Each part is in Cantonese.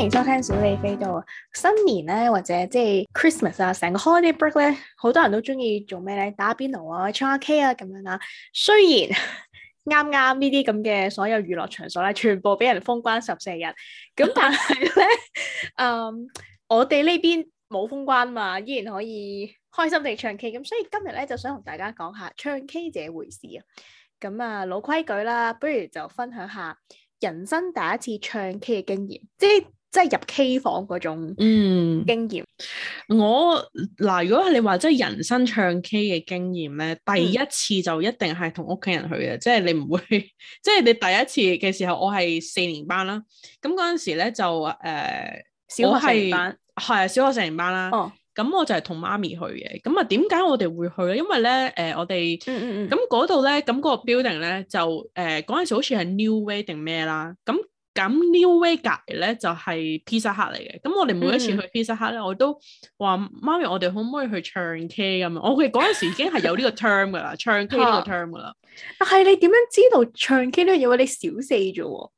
歡迎收聽小李飛刀，新年咧，或者即係 Christmas 啊，成個 holiday break 咧，好多人都中意做咩咧？打邊爐啊，唱下 K 啊，咁樣啦。雖然啱啱呢啲咁嘅所有娛樂場所咧，全部俾人封關十四日，咁但係咧，誒， um, 我哋呢邊冇封關嘛，依然可以開心地唱 K。咁所以今日咧，就想同大家講下唱，唱 K 這回事啊。咁啊，老規矩啦，不如就分享下人生第一次唱 K 嘅經驗，即係。即係入 K 房嗰種經驗、嗯，我嗱，如果你話即係人生唱 K 嘅經驗咧，第一次就一定係同屋企人去嘅，嗯、即係你唔會，即係你第一次嘅時候，我係四年班啦，咁嗰陣時咧就誒，呃、小學四年班，係啊，小學四年班啦，咁、哦、我就係同媽咪去嘅，咁啊，點解我哋會去咧？因為咧，誒、呃，我哋，嗯嗯，咁嗰度咧，咁嗰個 building 咧，就誒，嗰、呃、陣時好似係 New Way 定咩啦，咁。咁 new way 隔籬咧就係披薩客嚟嘅，咁我哋每一次去 Pizza 披薩客咧，嗯、我都話媽咪，我哋可唔可以去唱 K 咁啊？我哋嗰陣時已經係有呢個 term 噶啦， 唱 K 呢個 term 噶啦。但係你點樣知道唱 K 呢樣嘢？你小四啫？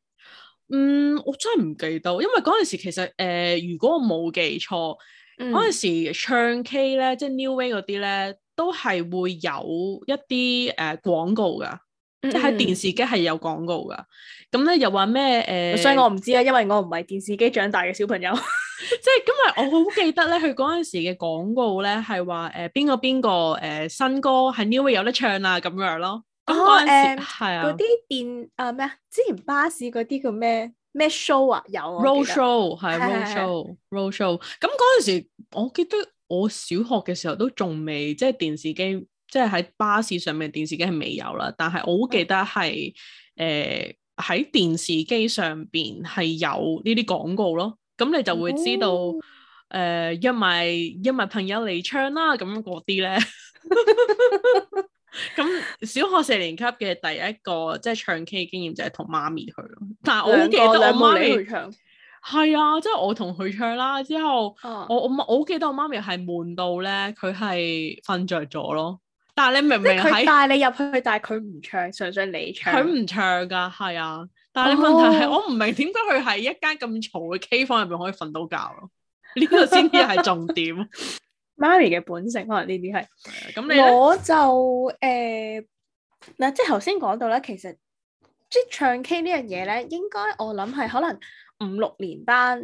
嗯，我真係唔記得，因為嗰陣時其實誒、呃，如果我冇記錯，嗰陣、嗯、時唱 K 咧，即係 new way 嗰啲咧，都係會有一啲誒廣告噶。嗯、即係電視機係有廣告噶，咁咧又話咩？誒、呃，所以我唔知咧、啊，因為我唔係電視機長大嘅小朋友。 即係，今日我好記得咧，佢嗰陣時嘅廣告咧係話，誒，邊、呃、個邊個誒新歌係 Neway 有得唱啊，咁樣咯。咁嗰陣時係、嗯、啊，啲電啊咩啊，之前巴士嗰啲叫咩咩 show 啊，有。road show 係對的 road show right. road show，咁嗰陣時我記得我小學嘅時候都仲未即係電視機。即係喺巴士上面電視機係未有啦，但係我好記得係誒喺電視機上邊係有呢啲廣告咯，咁你就會知道誒一咪一咪朋友嚟唱啦，咁嗰啲咧。咁 小學四年級嘅第一個即係唱 K 經驗就係同媽咪去咯，但係我好記得我媽咪去唱係啊，即係我同佢唱啦。之後、啊、我我我好記得我媽咪係悶到咧，佢係瞓着咗咯。但你明唔明即係佢帶你入去，但係佢唔唱，純粹你唱。佢唔唱噶，係啊。但係問題係，oh. 我唔明點解佢係一間咁嘈嘅 K 房入面可以瞓到覺咯？呢個先至係重點。Mary 嘅本性可能 呢啲係。咁你咧？我就誒，嗱、呃，即係頭先講到咧，其實即係唱 K 呢樣嘢咧，應該我諗係可能五六年班。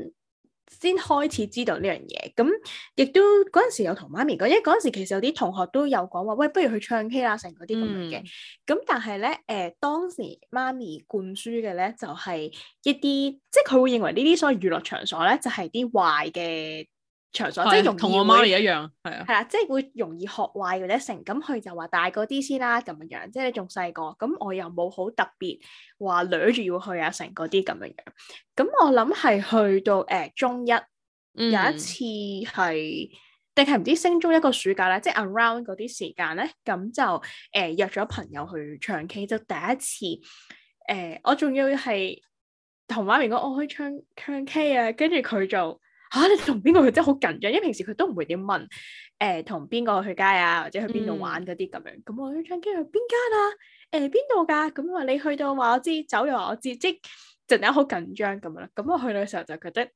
先開始知道呢樣嘢，咁亦都嗰陣時有同媽咪講，因為嗰陣時其實有啲同學都有講話，喂，不如去唱 K 啦，成嗰啲咁樣嘅，咁、嗯、但係咧，誒、呃、當時媽咪灌輸嘅咧就係、是、一啲，即係佢會認為呢啲所謂娛樂場所咧就係、是、啲壞嘅。場所的即係同我媽咪一樣係啊，即係會容易學壞或者成咁，佢就話大個啲先啦咁樣樣，即係仲細個咁，我又冇好特別話女住要去啊成嗰啲咁樣樣，咁我諗係去到誒、呃、中一有一次係定係唔知升中一個暑假咧，即係 around 嗰啲時間咧，咁就誒、呃、約咗朋友去唱 K，就第一次誒、呃、我仲要係同媽咪講我去唱唱 K 啊，跟住佢就。吓、啊、你同邊個去真係好緊張，因為平時佢都唔會點問，誒、呃，同邊個去街啊，或者去邊度玩嗰啲咁樣。咁、嗯、我去唱 K 去邊間啊？誒、呃，邊度噶？咁話你去到話我，我知，走咗話我，我知，即係陣間好緊張咁樣啦。咁我去到嘅時候就覺得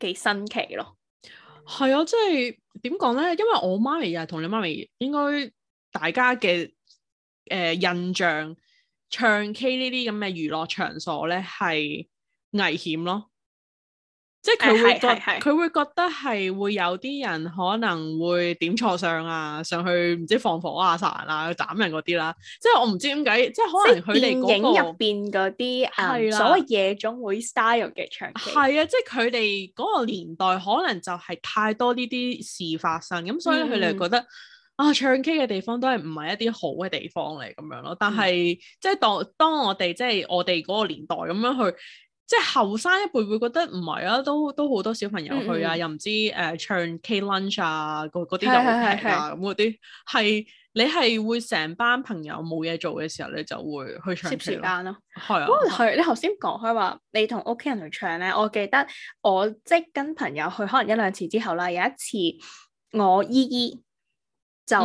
幾新奇咯。係啊， 即係點講咧？因為我媽咪又係同你媽咪，應該大家嘅誒印象唱 K 呢啲咁嘅娛樂場所咧係危險咯。即係佢會覺，佢會覺得係、哎、會，會有啲人可能會點錯相啊，上去唔知放火啊、殺人啊、斬人嗰啲啦。即係我唔知點解，即係可能佢哋影入邊嗰啲誒所謂夜總會 style 嘅場景。係啊，啊即係佢哋嗰個年代可能就係太多呢啲事發生，咁、嗯、所以咧佢哋覺得啊，唱 K 嘅地方都係唔係一啲好嘅地方嚟咁樣咯。但係、嗯、即係當當我哋即係我哋嗰個年代咁樣去。即係後生一輩會覺得唔係啊，都都好多小朋友去啊，嗯嗯又唔知誒、呃、唱 K lunch 啊，嗰啲就好平啊，咁嗰啲係你係會成班朋友冇嘢做嘅時候，你就會去唱 K。蝕時間咯，係啊，係、啊嗯、你頭先講開話你同屋企人去唱咧，我記得我即係跟朋友去，可能一兩次之後啦，有一次我姨姨就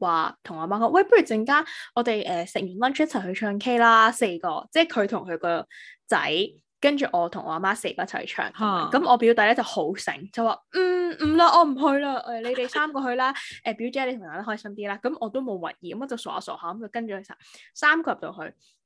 話同我媽講，嗯、喂，不如陣間我哋誒食完 lunch 一齊去唱 K 啦，四個，即係佢同佢個仔。跟住我同我阿媽四個一齊唱，咁、啊、我表弟咧就好醒，就話、嗯：嗯，唔啦，我唔去啦，誒你哋三個去啦，誒表姐你同阿媽開心啲啦。咁我都冇懷疑，咁我就傻下傻下咁就跟住去三個入到去，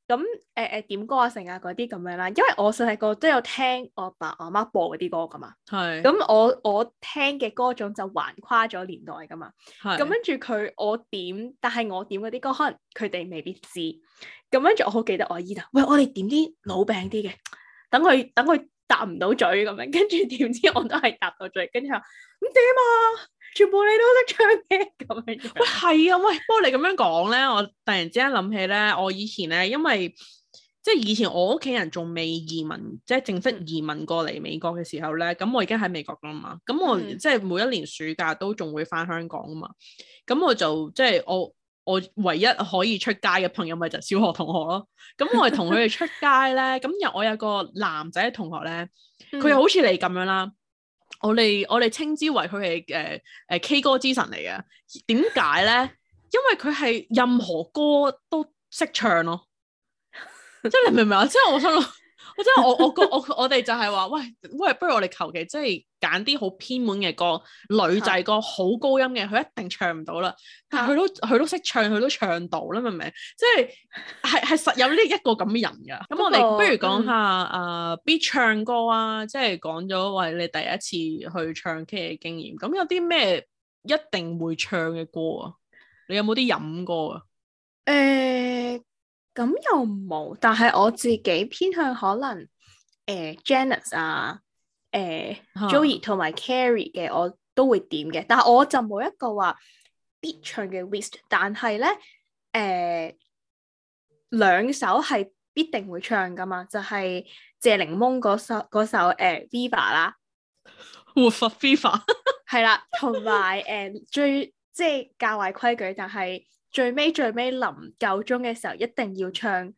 咁誒誒點歌啊，成啊嗰啲咁樣啦。因為我細細個都有聽我阿爸阿媽播嗰啲歌噶嘛，咁是我我聽嘅歌種就橫跨咗年代噶嘛，咁跟住佢我點，但係我點嗰啲歌，可能佢哋未必知。咁跟住我好記得我姨度，喂，我哋點啲老餅啲嘅。等佢等佢答唔到嘴咁樣，跟住點知我都係答到嘴，跟住話咁點啊！全部你都識唱嘅咁樣。喂係啊，喂，不過你咁樣講咧，我突然之間諗起咧，我以前咧，因為即係以前我屋企人仲未移民，即係正式移民過嚟美國嘅時候咧，咁我已經喺美國㗎嘛，咁我即係每一年暑假都仲會翻香港啊嘛，咁我就即係我。我唯一可以出街嘅朋友咪就係小學同學咯，咁我係同佢哋出街咧，咁又 我有個男仔同學咧，佢好似你咁樣啦，我哋我哋稱之為佢係誒誒 K 歌之神嚟嘅，點解咧？ 因為佢係任何歌都識唱咯，即係你明唔明啊？即係我想。 我真係我我個我我哋就係話，喂喂，不如我哋求其即係揀啲好偏門嘅歌，女仔歌，好的高音嘅，佢一定唱唔到啦。但係佢都佢的都識唱，佢都唱到啦，明唔明？即係係係實有呢一個咁嘅人㗎。咁但 我哋不如講下啊 B、嗯呃、唱歌啊，即係講咗喂你第一次去唱 K 嘅經驗。咁有啲咩一定會唱嘅歌啊？你有冇啲飲歌啊？誒、嗯。咁又冇，但係我自己偏向可能，誒、呃、Janice 啊，誒、呃、Joey 同埋 Carrie 嘅，我都會點嘅，但係我就冇一個話必唱嘅 list，但係咧誒兩首係必定會唱噶嘛，就係、是、謝檸檬嗰首嗰首誒、呃、Viva 啦，活佛 Viva，係 啦，同埋誒最即係、就是、教壞規矩，但係。最尾最尾臨夠鐘嘅時候，一定要唱誒、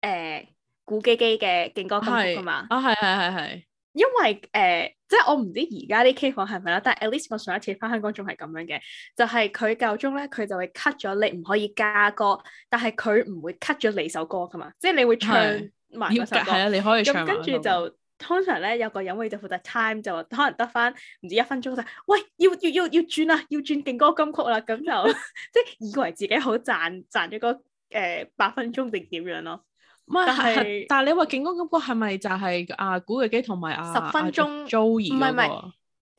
呃、古基基嘅勁歌金曲啊嘛，啊係係係係， 因為誒、呃、即係我唔知而家啲 K 房係咪啦，但係 at least 我上一次返香港仲係咁樣嘅，就係佢夠鐘咧，佢就會 cut 咗你，唔可以加歌，但係佢唔會 cut 咗你首歌噶嘛，即係你會唱埋嗰首歌係啊，後你可以咁跟住就。通常咧有個人會就負責 time 就話可能得翻唔止一分鐘啫，喂要要要要轉啦，要轉勁歌金曲啦，咁就即係 以為自己好賺賺咗個誒、呃、八分鐘定點樣咯。唔係是，但係但係你話勁歌金曲係咪就係啊古巨基同埋啊十分鐘 Joey 嗰個？唔係，唔係。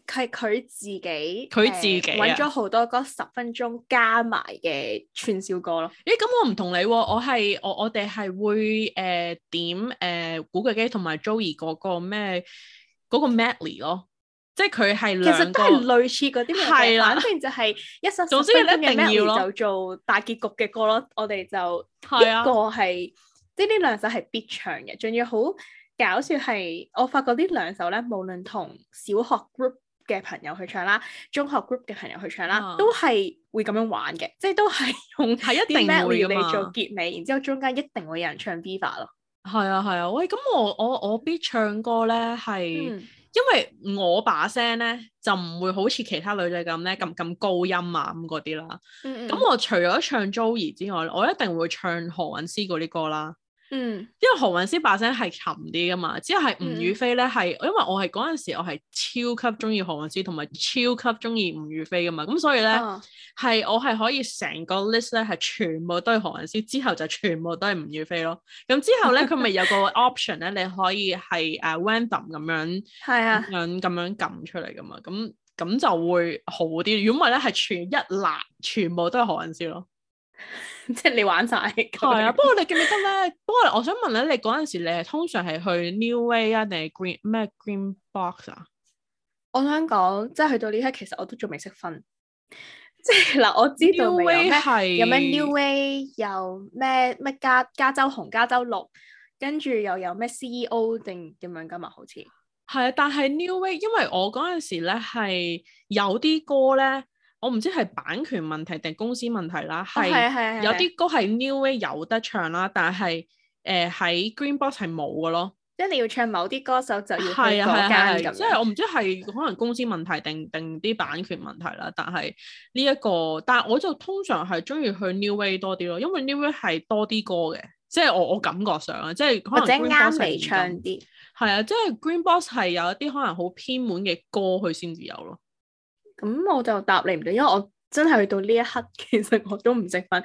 係佢自己，佢、呃、自己揾咗好多嗰十分鐘加埋嘅串燒歌咯。咦、欸？咁我唔同你，我係我我哋係會誒、呃、點誒、呃、古巨基同埋 Joey 嗰個咩嗰、嗰個 Medley 咯。即係佢係其實都係類似嗰啲，係啦的，反正就係一首。總之一定要咯，就做大結局嘅歌咯。我哋就一的個係即係呢兩首係必唱嘅，仲要好搞笑係。我發覺呢兩首咧，無論同小學 group 嘅朋友去唱啦，中學 group 嘅朋友去唱啦，啊、都係會咁樣玩嘅，即係都係用一定啲咩嚟做結尾，然之後中間一定會有人唱 Viva 咯。係啊係啊，喂，咁我我我必唱歌咧係，嗯、因為我把聲咧就唔會好似其他女仔咁咧咁咁高音啊咁嗰啲啦。咁、嗯嗯、我除咗唱 Joey 之外，我一定會唱何韻詩嗰啲歌啦。嗯，因為何韻詩把聲係沉啲噶嘛，之後係吳雨霏咧係，因為我係嗰陣時我係超級中意何韻詩同埋超級中意吳雨霏噶嘛，咁所以咧係、哦、我係可以成個 list 咧係全部都係何韻詩，之後就全部都係吳雨霏咯。咁之後咧佢咪有個 option 咧， 你可以係誒、uh, random 咁樣，係啊， 咁樣撳出嚟噶嘛，咁咁就會好啲。如果唔係咧，係全一欄，全部都係何韻詩咯。 即係你玩晒係啊，不過你記唔記得咧？ 不過我想問咧，你嗰陣時你係通常係去 New Way 啊，定係 Green 咩 Green Box 啊？我想講，即係去到呢刻，其實我都仲未識分。即係嗱，我知道咩係有咩 New, New Way，有咩咩加加州紅、加州綠，跟住又有咩 CEO 定點樣噶嘛，好似係啊，但係 New Way，因為我嗰陣時咧係有啲歌咧。我唔知係版權問題定公司問題啦，係、哦、有啲歌係 Neway 有得唱啦，但係誒喺 Green Box 係冇噶咯，即係你要唱某啲歌手就要呢個間咁。即係我唔知係可能公司問題定定啲版權問題啦， 但係呢一個，但係我就通常係中意去 Neway 多啲咯，因為 Neway 係多啲歌嘅，即係我我感覺上啊，即係可能啱你唱啲，係啊，即、嗯、係、就是、Green Box 係有一啲可能好偏門嘅歌佢先至有咯。咁、嗯、我就答你唔到，因為我真係到呢一刻，其實我都唔食分。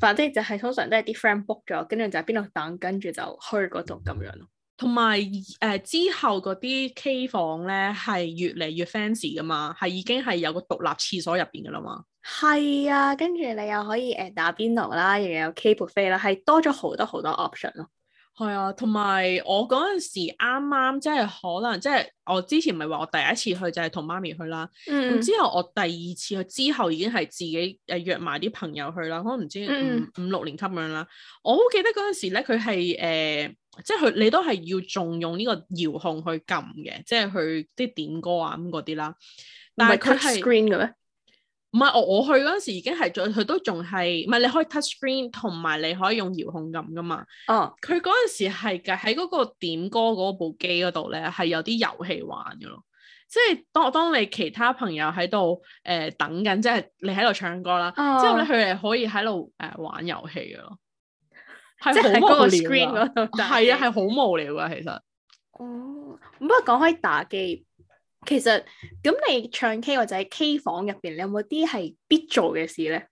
反正就係通常都係啲 friend book 咗，跟住就喺邊度等，跟住就去嗰度咁樣咯。同埋誒之後嗰啲 K 房咧係越嚟越 fancy 噶嘛，係已經係有個獨立廁所入邊噶啦嘛。係啊，跟住你又可以誒、呃、打邊爐啦，又有 K book 飛啦，係多咗好多好多 option 咯。係啊，同埋我嗰陣時啱啱即係可能即係、就是、我之前唔係話我第一次去就係同媽咪去啦，咁、嗯、之後我第二次去之後已經係自己誒約埋啲朋友去啦，可能唔知五五六年級咁樣啦。我好記得嗰陣時咧，佢係誒即係佢你都係要仲用呢個遙控去撳嘅，即係去啲點歌啊咁嗰啲啦。但係佢係。唔係我我去嗰陣時已經係，佢都仲係，唔係你可以 touch screen，同埋你可以用遙控撳噶嘛。哦、uh,。佢嗰陣時係嘅，喺嗰個點歌嗰部機嗰度咧,係有啲遊戲玩嘅咯。即係當當你其他朋友喺度誒等緊，即係你喺度唱歌啦，uh, 之後咧佢係可以喺度誒玩遊戲嘅咯。即係喺嗰個 screen 嗰度打機。係好、嗯、無聊。係啊，係好無聊噶，其實。哦、uh,。不過講開打機。其實咁你唱 K 或者喺 K 房入邊，你有冇啲係必做嘅事咧？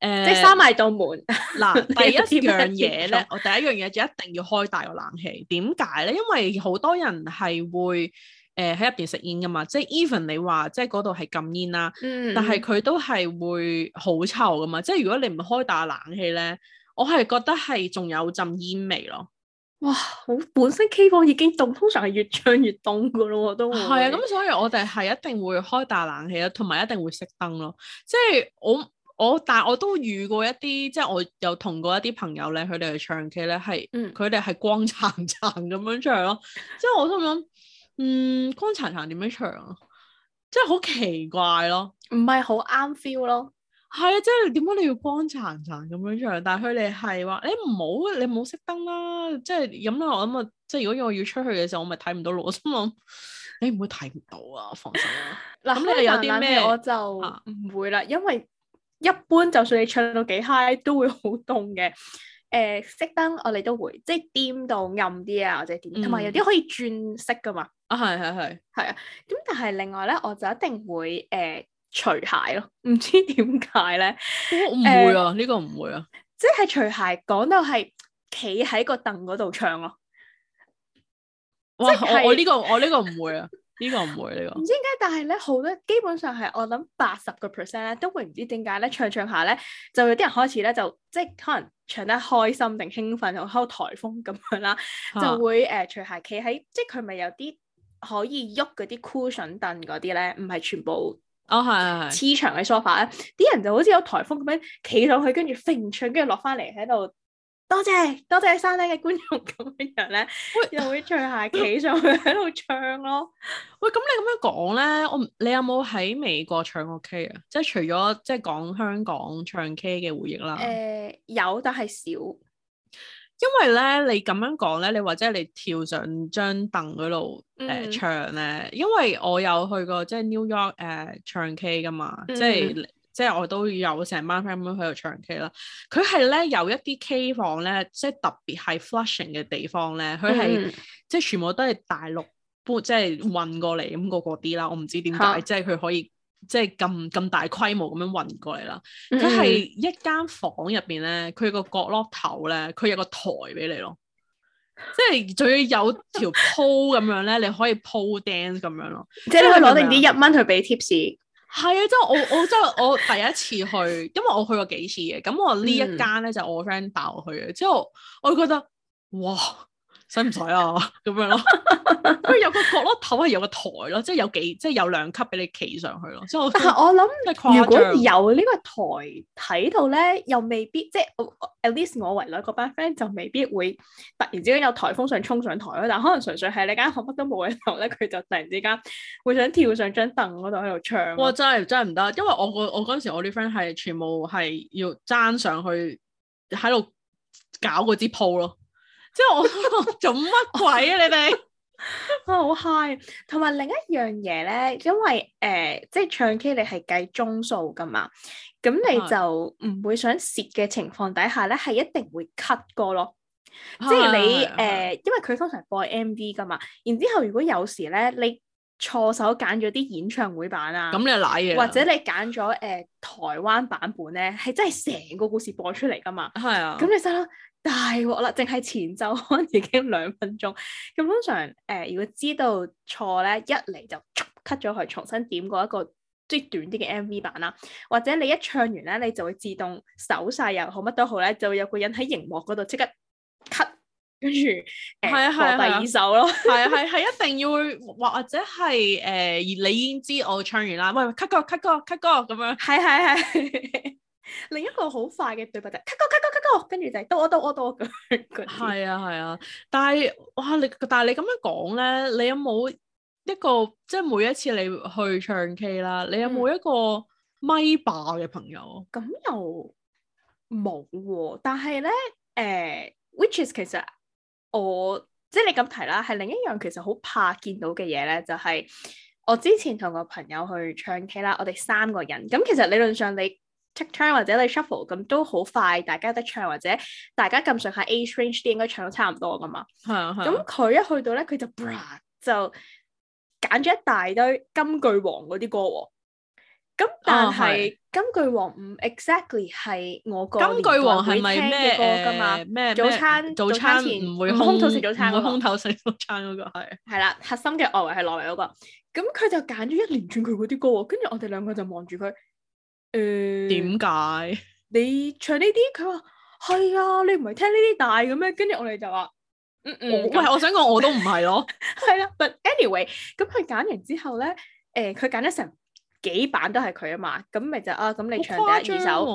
誒、呃，即係閂埋道門。嗱、呃，第一樣嘢咧， 我第一樣嘢就一定要開大個冷氣。點解咧？因為好多人係會誒喺入邊食煙噶嘛，即係 even 你話即係嗰度係禁煙啦，嗯、但係佢都係會好臭噶嘛。即係如果你唔開大冷氣咧，我係覺得係仲有陣煙味咯。哇！好本身 K 房已經凍，通常係越唱越凍噶咯，都係啊。咁所以我哋係一定會開大冷氣咯，同埋一定會熄燈咯。即係我我，但係我,我都遇過一啲，即係我有同過一啲朋友咧，佢哋去唱 K 咧，係，嗯，佢哋係光燦燦咁樣唱咯。即係我心諗，嗯，光燦燦點樣唱啊？即係好奇怪咯，唔係好啱 feel 咯。係啊，即係點解你要光殘殘咁樣唱？但係佢哋係話，你唔好，你唔好熄燈啦。即係咁啦，我諗啊，即係如果我要出去嘅時候，我咪睇唔到路。我心諗，你唔會睇唔到啊？放心啦，咁你哋有啲咩？我就唔會啦，因為一般就算你唱到幾 high，都會好凍嘅。誒、呃，熄燈我哋都會，即係掂到暗啲啊，或者點、嗯。同埋有啲可以轉色噶嘛。啊，係係係。係啊，咁但係另外咧，我就一定會誒。呃除鞋咯，唔知點解咧？唔會啊，呢、呃、個唔會啊，即係除鞋講到係企喺個凳嗰度唱咯。即我我呢個我呢個唔會啊，呢、這個唔會呢、啊、個。唔知點解？但係咧，好多基本上係我諗八十個 percent 咧，都會唔知點解咧唱一唱一下咧，就有啲人開始咧就即係可能唱得開心定興奮，又開台風咁樣啦，啊、就會誒除、呃、鞋企喺，即係佢咪有啲可以喐嗰啲 cushion 凳嗰啲咧，唔係全部。哦係，黐長嘅梳化咧，啲人就好似有台風咁樣企上去，跟住揈唱，跟住落翻嚟喺度。多謝多謝山頂嘅觀眾咁樣樣咧，喂又會唱下企上去喺度唱咯。喂，咁你咁樣講咧，我你有冇喺美國唱過 K 啊？即係除咗即係講香港唱 K 嘅回憶啦。誒、呃，有，但係少。因為咧，你咁樣講咧，你或者你跳上張凳嗰度誒唱咧，因為我有去過即係 New York 誒唱 K 噶嘛，嗯、即係即係我都有成班 friend 咁去度唱 K 啦。佢係咧有一啲 K 房咧，即係特別係 Flushing 嘅地方咧，佢係、嗯、即係全部都係大陸搬即係運過嚟咁個個啲啦。我唔知點解，哈即係佢可以。即係咁咁大規模咁樣運過嚟啦，佢係一間房入邊咧，佢個角落頭咧，佢有個台俾你咯，即係仲要有條鋪咁樣咧， 你可以鋪 dance 咁樣咯，即係你去攞定啲一蚊去俾 tips。係啊、嗯，即 係我我即係我第一次去，因為我去過幾次嘅，咁我呢一間咧就是、我 friend 帶我去嘅，嗯、之後我覺得哇！使唔使啊？咁樣咯，佢 有個角落頭係有個台咯，即係有幾，即係有兩級俾你企上去咯。但係我諗，如果有呢個台睇到咧，又未必，即係 at least 我為例，嗰班 friend 就未必會突然之間有颱風想衝上台咯。但可能純粹係你間學乜都冇嘅時候咧，佢就突然之間會想跳上張凳嗰度喺度唱、啊。哇、哦！真係真係唔得，因為我我嗰陣時，我啲 friend 係全部係要爭上去喺度搞嗰支鋪咯。即係我做乜鬼啊？ 嗯、 你哋好嗨。同埋另一樣嘢咧，因為誒、呃，即係唱 K，你係計鐘數噶嘛，咁的你就唔會想蝕嘅情況底下咧，係一定會 cut 歌咯。的即係你誒，呃、是的是的，因為佢通常播 MV 噶嘛，然之後如果有時咧，你錯手揀咗啲演唱會版啊，咁你瀨嘢，或者你揀咗誒台灣版本咧，係真係成個故事播出嚟噶嘛？係啊的，咁 你生。大鑊啦！淨係前奏可能已經兩分鐘。咁通常，誒，如果知道錯咧，一嚟就 cut 咗佢，重新點過一個即係短啲嘅 MV 版啦。或者你一唱完咧，你就會自動手晒又好乜都好咧，就會有個人喺熒幕嗰度即刻 cut，跟住係啊係啊，第二首咯，係啊係係，一定要或或者係誒，你已經知我唱完啦，喂 cut 歌 cut 歌 cut 歌咁樣，係係係。另一個好快嘅對白就 cut 歌 cut 歌。哦，跟住就倒我倒我倒我句嗰係啊係啊，但係哇，但你但係你咁樣講咧，你有冇一個即係每一次你去唱 K 啦？嗯、你有冇一個咪霸嘅朋友？咁又冇喎、啊，但係咧，誒、呃、，which is actually, 其實我即係你咁提啦，係另一樣其實好怕見到嘅嘢咧，就係、是、我之前同個朋友去唱 K 啦，我哋三個人，咁其實理論上你。take turn 或者你 shuffle 咁都好快，大家得唱或者大家咁上下 age range 啲應該唱到差唔多噶嘛。咁佢一去到咧，佢就 bra 就揀咗一大堆金句王嗰啲歌喎。咁但係金句王唔 exactly 係我個金句王係咪咩？誒咩早餐早餐前唔會空肚食早餐嗰個空肚食早餐嗰個係係啦，核心嘅外圍係內圍嗰個。咁佢就揀咗一連串佢嗰啲歌喎，跟住我哋兩個就望住佢。誒，點解、嗯、你唱呢啲？佢話係啊，你唔係聽呢啲大嘅咩？跟住我哋就話，嗯嗯，嗯喂，樣我想講我都唔係咯，係啦、 啊。But anyway，咁佢揀完之後咧，誒、呃，佢揀咗成幾版都係佢啊嘛，咁咪就啊，咁你唱第二首，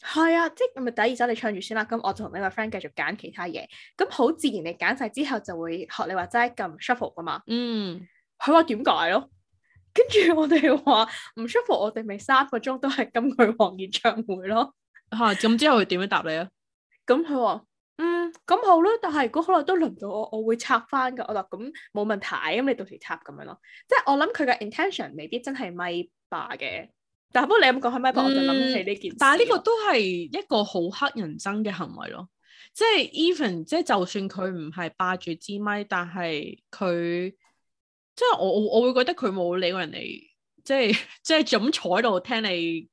係啊，即係咪第二首你唱住先啦？咁我就同呢個 friend 繼續揀其他嘢，咁好自然你揀晒之後，就會學你話齋咁 shuffle 㗎嘛。嗯，佢話點解咯？跟住我哋話唔舒服，我哋咪三個鐘都係金曲王演唱會咯。吓，咁之後佢點樣答你啊？咁佢話嗯，咁好啦，但係如果可能都輪到我，我會插翻噶。我話咁冇問題，咁你到時插咁樣咯。即係我諗佢嘅 intention 未必真係咪霸嘅。但係不過你咁講係咪霸，我就諗起呢件事。事。但係呢個都係一個好乞人憎嘅行為咯。即係 even 即係就算佢唔係霸住支咪，ite, 但係佢。即係我我我會覺得佢冇理過人哋，即係即係咁坐喺度聽你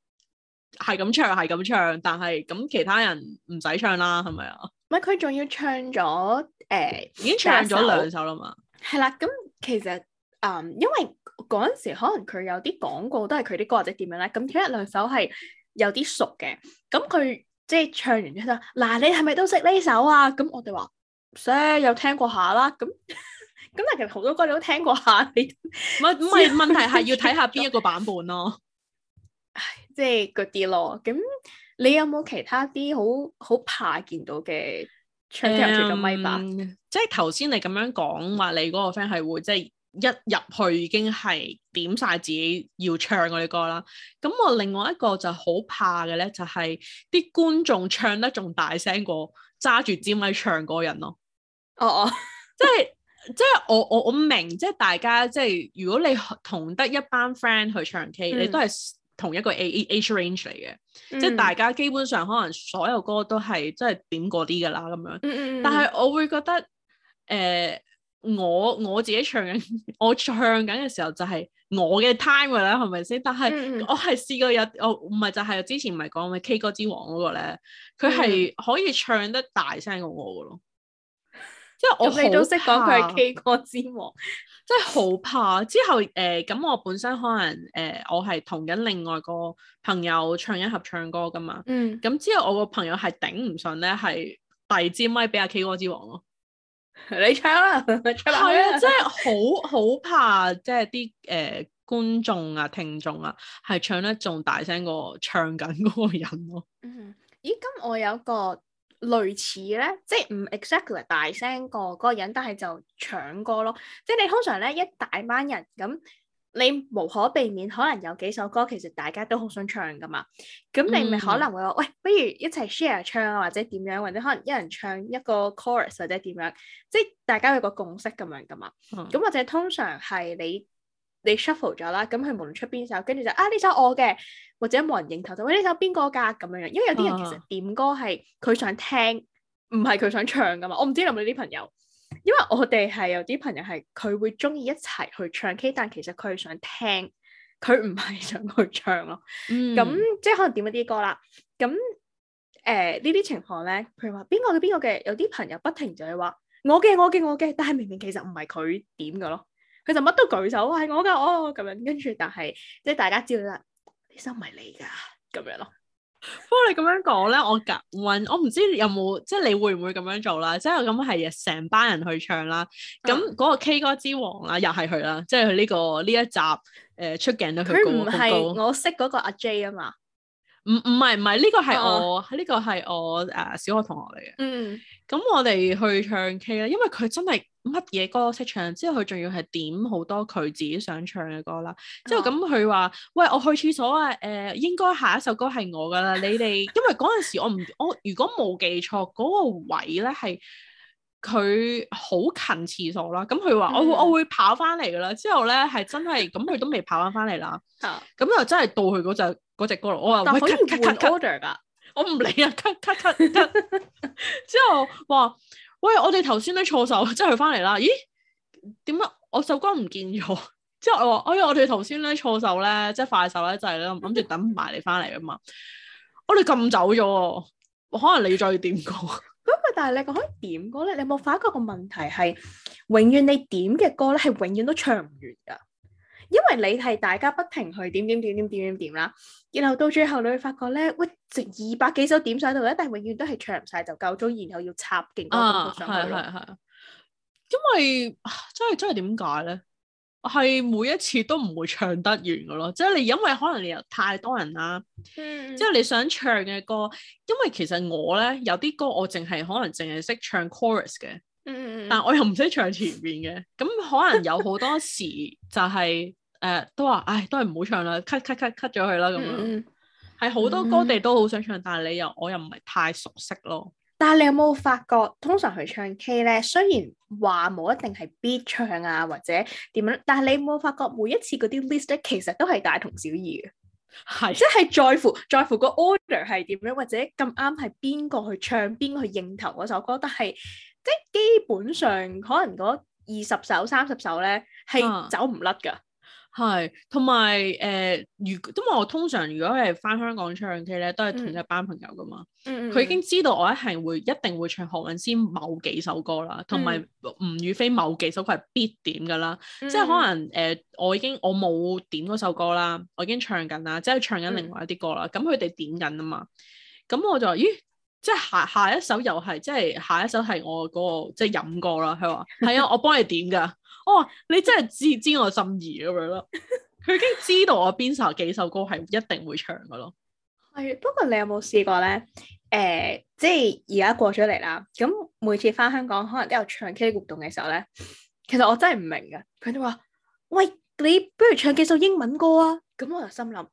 係咁唱係咁唱，但係咁其他人唔使唱啦，係咪啊？唔係佢仲要唱咗誒，呃、已經唱咗兩首啦嘛。係啦，咁其實誒、嗯，因為嗰陣時可能佢有啲廣告都係佢啲歌或者樣呢點樣咧，咁挑一兩首係有啲熟嘅。咁佢即係唱完之後，嗱、啊、你係咪都識呢首啊？咁我哋話識，有聽過下啦。咁。咁但其實好多歌你都聽過下，唔係 問題係要睇下邊一個版本咯， 即係嗰啲咯。咁你有冇其他啲好好怕見到嘅唱跳脫咗咪霸、嗯？即係頭先你咁樣講話，你嗰個 friend 係會即係、就是、一入去已經係點晒自己要唱嗰啲歌啦。咁我另外一個就好怕嘅咧，就係、是、啲觀眾唱得仲大聲過揸住支咪唱嗰個人咯。哦哦， 即係。即係我我我明，即係大家即係如果你同得一班 friend 去唱 K，、嗯、你都係同一個 A A, age range 嚟嘅，嗯、即係大家基本上可能所有歌都係即係點嗰啲噶啦咁樣。嗯嗯嗯但係我會覺得，誒、呃，我我自己唱緊，我唱緊嘅時候就係我嘅 time 噶啦，係咪先？但係我係試過有，我唔係就係之前唔係講嘅 K 歌之王嗰個咧，佢係可以唱得大聲過我噶咯。即係我哋都識講佢係 K 歌之王，真係好怕。之後誒，咁、呃、我本身可能誒、呃，我係同緊另外個朋友唱一合唱歌噶嘛。嗯。咁之後我個朋友係頂唔順咧，係遞支咪俾阿 K 歌之王咯。 你唱啦吧，係 吧 啊，真係好好怕，即係啲誒觀眾啊、聽眾啊，係唱得仲大聲過唱緊嗰個人咯、啊嗯。咦？咁我有個。類似咧，即係唔 exactly 大聲過嗰個人，但係就唱歌咯。即係你通常咧一大班人咁，你無可避免可能有幾首歌其實大家都好想唱噶嘛。咁你咪可能會話，嗯、哼喂，不如一齊 share 唱啊，或者點樣，或者可能一人唱一個 chorus 或者點樣，即係大家有個共識咁樣噶嘛。咁、嗯、或者通常係你。你 shuffle 咗啦，咁佢無論出邊首，跟住就啊呢首我嘅，或者冇人認頭就喂呢、哎、首邊個㗎咁樣樣，因為有啲人其實點歌係佢想聽，唔係佢想唱㗎嘛。我唔知有冇呢啲朋友，因為我哋係有啲朋友係佢會鍾意一齊去唱 K，但其實佢係想聽，佢唔係想去唱咯。咁、嗯、即係可能點一啲歌啦。咁誒呢啲情況咧，譬如話邊個嘅邊個嘅有啲朋友不停就係話我嘅我嘅我嘅，但係明明其實唔係佢點㗎咯。佢就乜都舉手，係我噶哦，咁樣跟住，但係即係大家知道啦，啲心唔係你噶，咁樣咯。不過你咁樣講咧，我揀，我唔知有冇即係你會唔會咁樣做啦。即係我咁係成班人去唱啦。咁嗰個 K 歌之王啦、啊，又係佢啦。即係佢呢個呢一集誒、呃、出鏡都佢高，佢唔係我識嗰個阿 J 啊嘛。唔唔係唔係，呢、呢個係我呢、哦、個係我誒、啊、小學同學嚟嘅。嗯。咁我哋去唱 K 啦，因為佢真係，乜嘢歌都識唱？之後佢仲要係點好多佢自己想唱嘅歌啦。之後咁佢話，喂，我去廁所啊！誒，應該下一首歌係我噶啦。你哋，因為嗰陣時我唔我，如果冇記錯嗰個位咧，係佢好近廁所啦。咁佢話，我會我會跑翻嚟噶啦。之後咧，係真係咁佢都未跑翻翻嚟啦。咁又真係到佢嗰隻嗰隻歌啦。我又會突然換 order 噶，我唔理啊！cut cut cut cut，之後哇～喂，我哋頭先咧錯手，即係佢翻嚟啦。咦，點解我首歌唔見咗？之後我話：哎，我哋頭先咧錯手咧，即係快手咧就係啦，諗住等埋你翻嚟啊嘛。我哋撳走咗，可能你再點歌。咁啊，但係你講可以點歌咧？你冇發覺個問題係永遠你點嘅歌咧，係永遠都唱唔完噶。因為你係大家不停去點點點點點點點啦，然後到最後你會發覺咧，喂，成二百幾首點曬到，一定永遠都係唱唔晒就夠鍾，然後要插勁多歌上去。啊，係係係。因為真係真係點解咧？係每一次都唔會唱得完嘅咯，即係你因為可能你有太多人啦，嗯、即係你想唱嘅歌，因為其實我咧有啲歌我淨係可能淨係識唱 chorus 嘅，嗯、但我又唔識唱前面嘅，咁 可能有好多時就係、是。誒，uh, 都話，唉，都係唔好唱啦，cut cut cut cut 咗佢啦，咁樣係好、嗯、多歌，地都好想唱，嗯、但係你又我又唔係太熟悉咯。但係你有冇發覺，通常去唱 K 咧，雖然話冇一定係必唱啊，或者點樣，但係你有冇發覺，每一次嗰啲 list 咧、啊，其實都係大同小異嘅。係，即係在乎在乎個 order 係點樣，或者咁啱係邊個去唱邊個去應頭嗰首歌，但係即係基本上可能嗰二十首三十首咧係走唔甩噶。Uh. 係，同埋誒，如因為我通常如果係返香港唱 K 咧，都係同一班朋友㗎嘛。佢、嗯嗯嗯、已經知道我一係會一定會唱何韻詩某幾首歌啦，同埋吳雨霏某幾首佢係必點㗎啦。即係、嗯、可能誒、呃，我已經我冇點嗰首歌啦，我已經唱緊啦，即、就、係、是、唱緊另外一啲歌啦。咁佢哋點緊啊嘛。咁、嗯嗯、我就話咦，即係下下一首又係即係下一首係我嗰個即係飲歌啦。佢話係啊，我幫你點㗎。嗯 哦，你真係知知我心意咁樣咯，佢 已經知道我邊首幾首歌係一定會唱噶咯。係，不過你有冇試過咧？誒、呃，即係而家過咗嚟啦。咁每次翻香港可能都有唱 K, K, K 活動嘅時候咧，其實我真係唔明噶。佢哋話：喂，你不如唱幾首英文歌啊！咁我就心諗：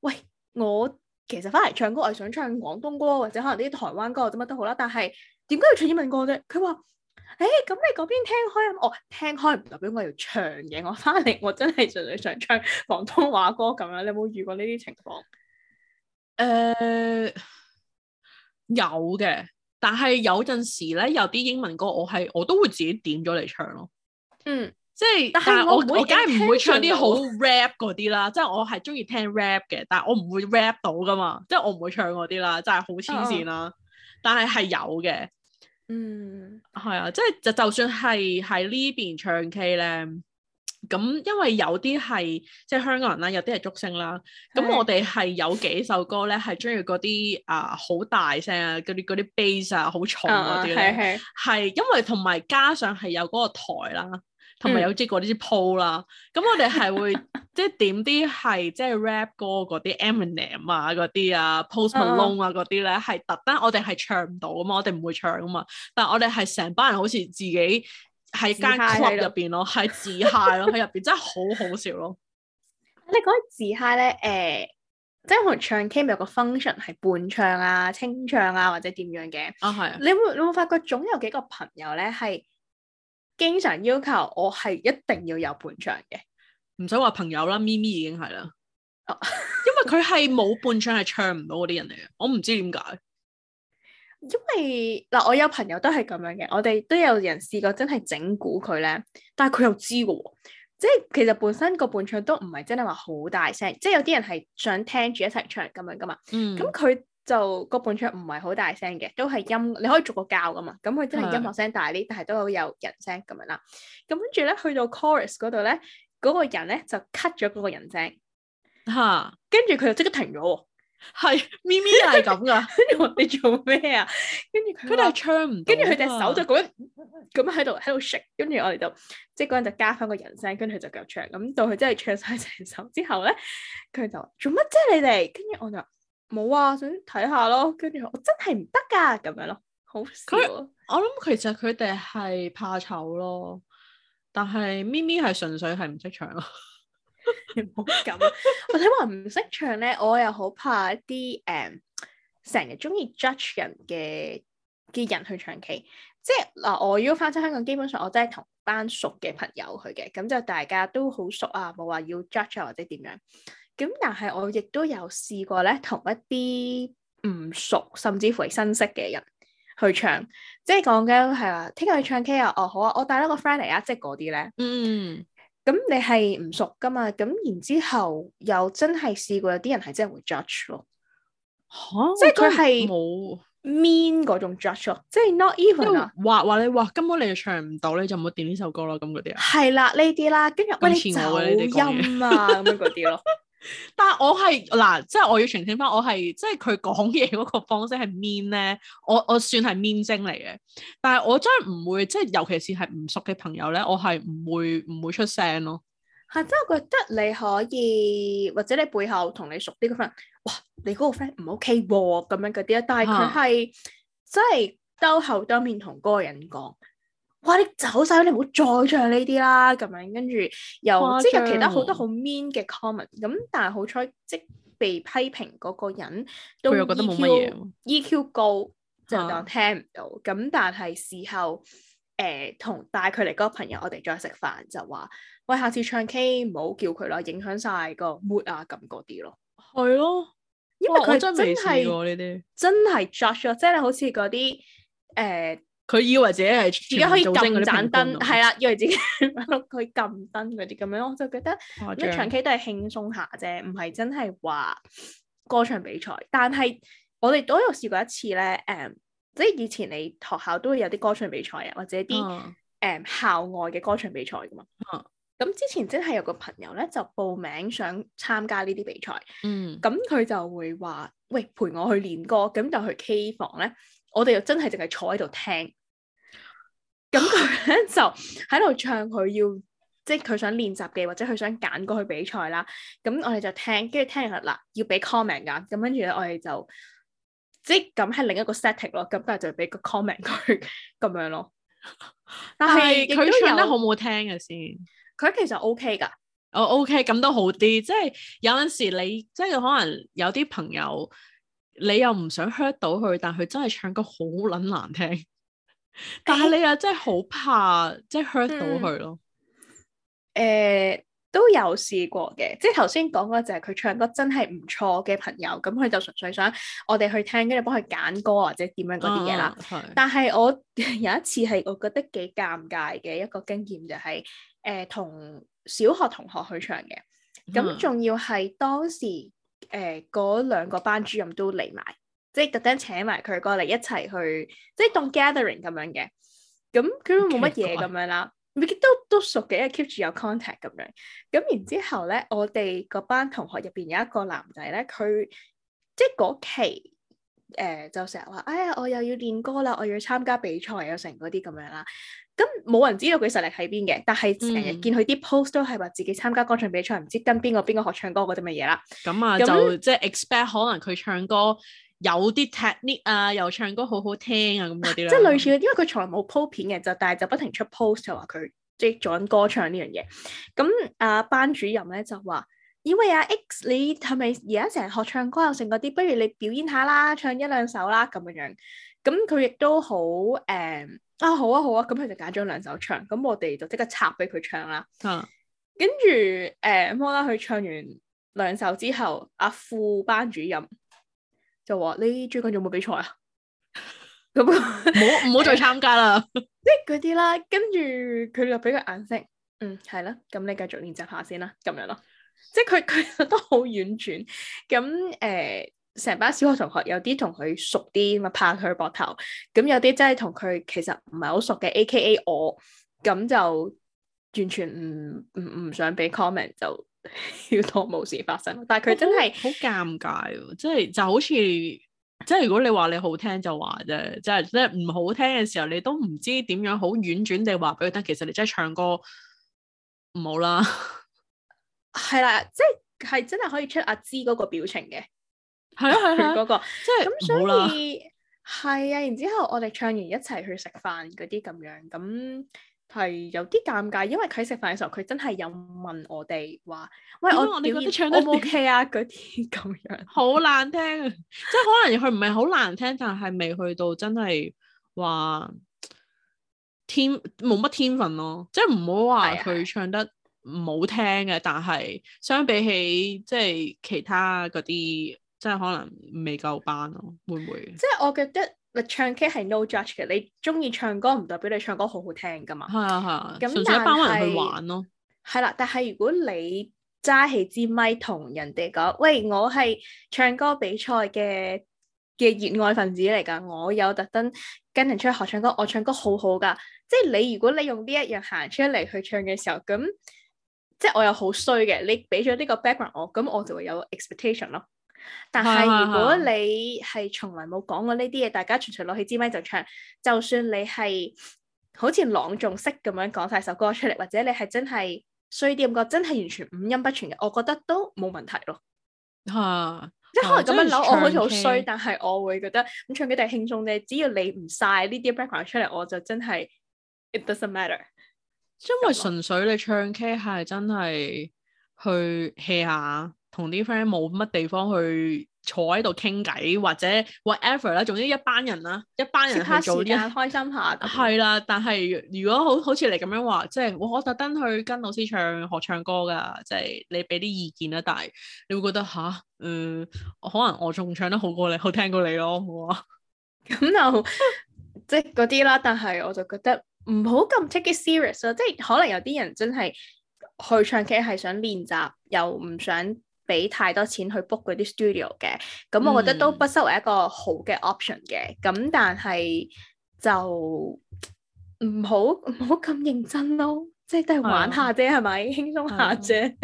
喂，我其實翻嚟唱歌我係想唱廣東歌或者可能啲台灣歌或者乜都好啦。但係點解要唱英文歌啫？佢話。誒，咁你嗰邊聽開音，我聽開唔代表我要唱嘢。我翻嚟我真係純粹想唱廣東話歌咁樣。你有冇遇過呢啲情況？誒、呃，有嘅，但係有陣時咧，有啲英文歌我係我都會自己點咗嚟唱咯。嗯，即係但係我但我梗係唔會唱啲好 rap 嗰啲啦，即係我係中意聽 rap 嘅，但我唔會 rap 到噶嘛，即係我唔會唱嗰啲啦，真係好黐線啦。哦、但係係有嘅。嗯、mm.，係啊，即係就就算係喺呢邊唱 K 咧，咁因為有啲係即係香港人啦，有啲係竹聲啦，咁是是 我哋係有幾首歌咧係中意嗰啲啊好大聲啊，嗰啲嗰啲 bass 啊好重嗰啲咧，係、哦、因為同埋加上係有嗰個台啦。同埋有啲嗰啲鋪啦，咁、嗯、我哋係會 即係點啲係即係 rap 歌嗰啲，Eminem 啊嗰啲啊，Post Malone 啊嗰啲咧，係特登我哋係唱唔到噶嘛，我哋唔會唱噶嘛，但係我哋係成班人好似自己喺間 club 入邊咯，係自嗨咯喺入邊，真係好好笑咯。你講自嗨咧，誒、呃，即係我哋唱 K 有個 function 係半唱啊、清唱啊或者點樣嘅。啊，係。你會你會發覺總有幾個朋友咧係。經常要求我係一定要有伴唱嘅，唔使話朋友啦，咪咪已經係啦。哦、 因為佢係冇伴唱係唱唔到嗰啲人嚟嘅，我唔知點解。因為嗱、呃，我有朋友都係咁樣嘅，我哋都有人試過真係整蠱佢咧，但係佢又知嘅，即係其實本身個伴唱都唔係真係話好大聲，即係有啲人係想聽住一齊唱咁樣噶嘛。咁佢、嗯。就個伴唱唔係好大聲嘅，都係音你可以逐個教噶嘛。咁佢真係音樂聲大啲，啊、但係都有人聲咁樣啦。咁跟住咧，去到 chorus 嗰度咧，嗰、嗰個人咧就 cut 咗嗰個人聲嚇，跟住佢就即刻停咗喎。係咪咪係咁噶？跟住我哋做咩啊？跟住佢都係唱唔。跟住佢隻手就咁樣咁喺度喺度 shake，跟住我哋就即係嗰人就加翻個人聲，跟住佢就繼續唱。咁到佢真係唱晒成首之後咧，佢就做乜啫你哋？跟住我就。 冇啊，想睇下咯，跟住我真係唔得㗎，咁樣咯，好笑、啊。我諗其實佢哋係怕醜咯，但係咪咪係純粹係唔識唱咯、啊。 你唔好咁，我聽話唔識唱咧，我又好怕一啲誒，成、嗯、日中意 judge 人嘅嘅人去唱 K，即係嗱、呃，我要翻返香港，基本上我都係同班熟嘅朋友去嘅，咁就大家都好熟啊，冇話要 judge、啊、或者點樣。咁但係我亦都有試過咧，同一啲唔熟甚至乎係新識嘅人去唱，即係講緊係話聽日去唱 K 啊，哦好啊，我帶咗個 friend 嚟啊，即係嗰啲咧。嗯嗯，咁你係唔熟噶嘛？咁然之後又真係試過有啲人係真係會 judge 咯。即係佢係冇 mean 嗰種 judge 咯，即係 not even 啊，話話你話根本你就唱唔到你就唔好點呢首歌咯，咁嗰啲啊。係啦，呢啲啦，跟住喂你走音啊，咁樣嗰啲咯。 但係我係嗱，即係我要澄清翻，我係即係佢講嘢嗰個方式係 mean 咧，我我算係 mean 精嚟嘅。但係我真係唔會，即係尤其是係唔熟嘅朋友咧，我係唔會唔會出聲咯。係即係我覺得你可以或者你背後同你熟啲嘅 friend，哇，你嗰個 friend 唔 OK 喎，咁樣嗰啲啊。但係佢係即係兜口兜面同嗰個人講。哇！你走晒！你唔好再唱呢啲啦，咁樣跟住又，即係其他好多好 mean，好多好 mean 嘅 comment 咁，但係好彩即被批評嗰個人都 EQ、e、高，就當聽唔到。咁、啊、但係事後誒同帶佢嚟嗰個朋友我，我哋再食飯就話：喂，下次唱 K 唔好叫佢啦，影響晒個 mood 啊咁嗰啲咯。係咯，因為佢真係真係的 judge，些即係好似嗰啲誒。呃佢以為自己係自己可以撳盞燈，係啦 以為自己 可以撳燈嗰啲咁樣，我就覺得，咁場 K 都係輕鬆下啫，唔係真係話歌唱比賽。但係我哋都有試過一次咧，誒、嗯，即係以前你學校都會有啲歌唱比賽啊，或者啲誒校外嘅歌唱比賽噶嘛。咁、嗯、之前真係有個朋友咧就報名想參加呢啲比賽，咁佢、嗯、就會話喂，陪我去練歌，咁就去 K 房咧。我哋又真係淨係坐喺度聽，咁佢咧就喺度唱佢要，即係佢想練習嘅，或者佢想揀歌去比賽啦。咁我哋就聽，跟住聽完喇要俾 comment 㗎。咁跟住咧，我哋就即係咁係另一個 setting 咯。咁但係就俾個 comment 佢咁樣咯。但係佢都唱得好唔好聽嘅先？佢其實 OK 㗎。哦、oh, OK，咁都好啲。即係有陣時你即係可能有啲朋友。你又唔想 hurt 到佢，但佢真係唱歌好撚難聽， 但係你又真係好怕即係、就是、hurt 到佢咯。誒、嗯呃、都有試過嘅，即係頭先講嗰就係佢唱歌真係唔錯嘅朋友，咁佢就純粹想我哋去聽，跟住幫佢揀歌或者點樣嗰啲嘢啦。啊、但係我有一次係我覺得幾尷尬嘅一個經驗、就是，就係誒同小學同學去唱嘅，咁仲要係當時。誒嗰兩個班主任都嚟埋，即係特登請埋佢過嚟一齊去，即係當 gathering 咁樣嘅。咁佢都冇乜嘢咁樣啦，未怪都都熟嘅，keep 住有 contact 咁樣。咁然之後咧，我哋嗰班同學入邊有一個男仔咧，佢即係嗰期誒、呃、就成日話：哎呀，我又要練歌啦，我要參加比賽又成嗰啲咁樣啦。咁冇人知道佢實力喺邊嘅，但係成日見佢啲 post 都係話自己參加歌唱比賽，唔、嗯、知跟邊個邊個學唱歌嗰啲乜嘢啦。咁啊，那就即係是 expect 可能佢唱歌有啲 technique 啊，又唱歌好好聽啊，咁嗰啲啦。即係類似，因為佢從來冇鋪片嘅就，但係就不停出 post 就話佢即係做緊歌唱呢樣嘢。咁啊、呃、班主任咧就話：咦、e、喂，阿 X，你係咪而家成日學唱歌又剩嗰啲，不如你表演下啦，唱一兩首啦咁樣樣。咁佢亦都好誒。嗯啊好啊好啊，咁佢、啊、就揀咗兩首唱，咁我哋就即刻插俾佢唱啦。嗯，跟住誒、莫、呃、啦，佢唱完兩首之後，阿副班主任就話：你最近有冇比賽啊？咁好唔好再參加啦。即係嗰啲啦。跟住佢就俾個眼色，嗯，係啦。咁你繼續練習下先啦。咁樣咯，即係佢佢都好婉轉。咁誒。呃成班小學同學有啲同佢熟啲，咪拍佢膊頭；咁有啲真係同佢其實唔係好熟嘅，A. K. A. 我，咁就完全唔唔唔想俾 comment，就要當冇事發生。但係佢真係好尷尬啊，即係就好似即係如果你話你好聽就話啫，即係即係唔好聽嘅時候，你都唔知點樣好婉轉地話俾佢聽。其實你真係唱歌唔好啦，係啦， 即係係真係可以出阿芝嗰個表情嘅。係啊，係啊，嗰、啊嗰個即係咁，是所以係啊。然之後我哋唱完一齊去食飯嗰啲咁樣，咁係有啲尷尬，因為佢食飯嘅時候，佢真係有問我哋話：喂，我哋表現我 OK 啊嗰啲咁樣。好、啊、難聽， 即係可能佢唔係好難聽，但係未去到真係話天冇乜天分咯、啊。即係唔好話佢唱得唔好聽嘅，啊、但係相比起即係其他嗰啲。即係可能未夠班咯，會唔會？即係我覺得，咪唱 K 係 no judge 嘅。你中意唱歌唔代表你唱歌好好聽噶嘛？係啊係啊。純粹一班人去玩咯。係啦，但係如果你揸起支咪同人哋講，喂，我係唱歌比賽嘅嘅熱愛分子嚟㗎，我有特登跟人出去學唱歌，我唱歌好好㗎。即係你如果你用呢一樣行出嚟去唱嘅時候，咁即係我又好衰嘅。你俾咗呢個 background 我，咁我就會有 expectation 咯。但係如果你係從來冇講過呢啲嘢，啊啊、大家隨隨落去支咪就唱。就算你係好似朗誦式咁樣講晒首歌出嚟，或者你係真係衰啲咁講，真係完全五音不全嘅，我覺得都冇問題咯。吓、啊，即係可能咁樣扭，啊、我好似好衰，歌但係我會覺得咁唱 K 都係輕鬆咧。只要你唔晒呢啲 background 出嚟，我就真係 it doesn't matter。因為純粹你唱 K 係真係去 hea 下。同啲 friend 冇乜地方去坐喺度傾偈，或者 whatever 啦，總之一班人啦，一班人去做啲、啊、一開心下。係啦，但係如果好好似你咁樣話，即係我特登去跟老師唱學唱歌㗎，即係你俾啲意見啊。但係你會覺得吓？嗯，可能我仲唱得好過你，好聽過你咯，好啊。咁就即係嗰啲啦，但係我就覺得唔好咁 take it serious 咯。即係可能有啲人真係去唱 K 係想練習，又唔想，俾太多錢去 book 嗰啲 studio 嘅，咁我覺得都不失為一個好嘅 option 嘅。咁、嗯、但係就唔好唔好咁認真咯、哦，即係都係玩下啫，係咪、哎、呀輕鬆下啫？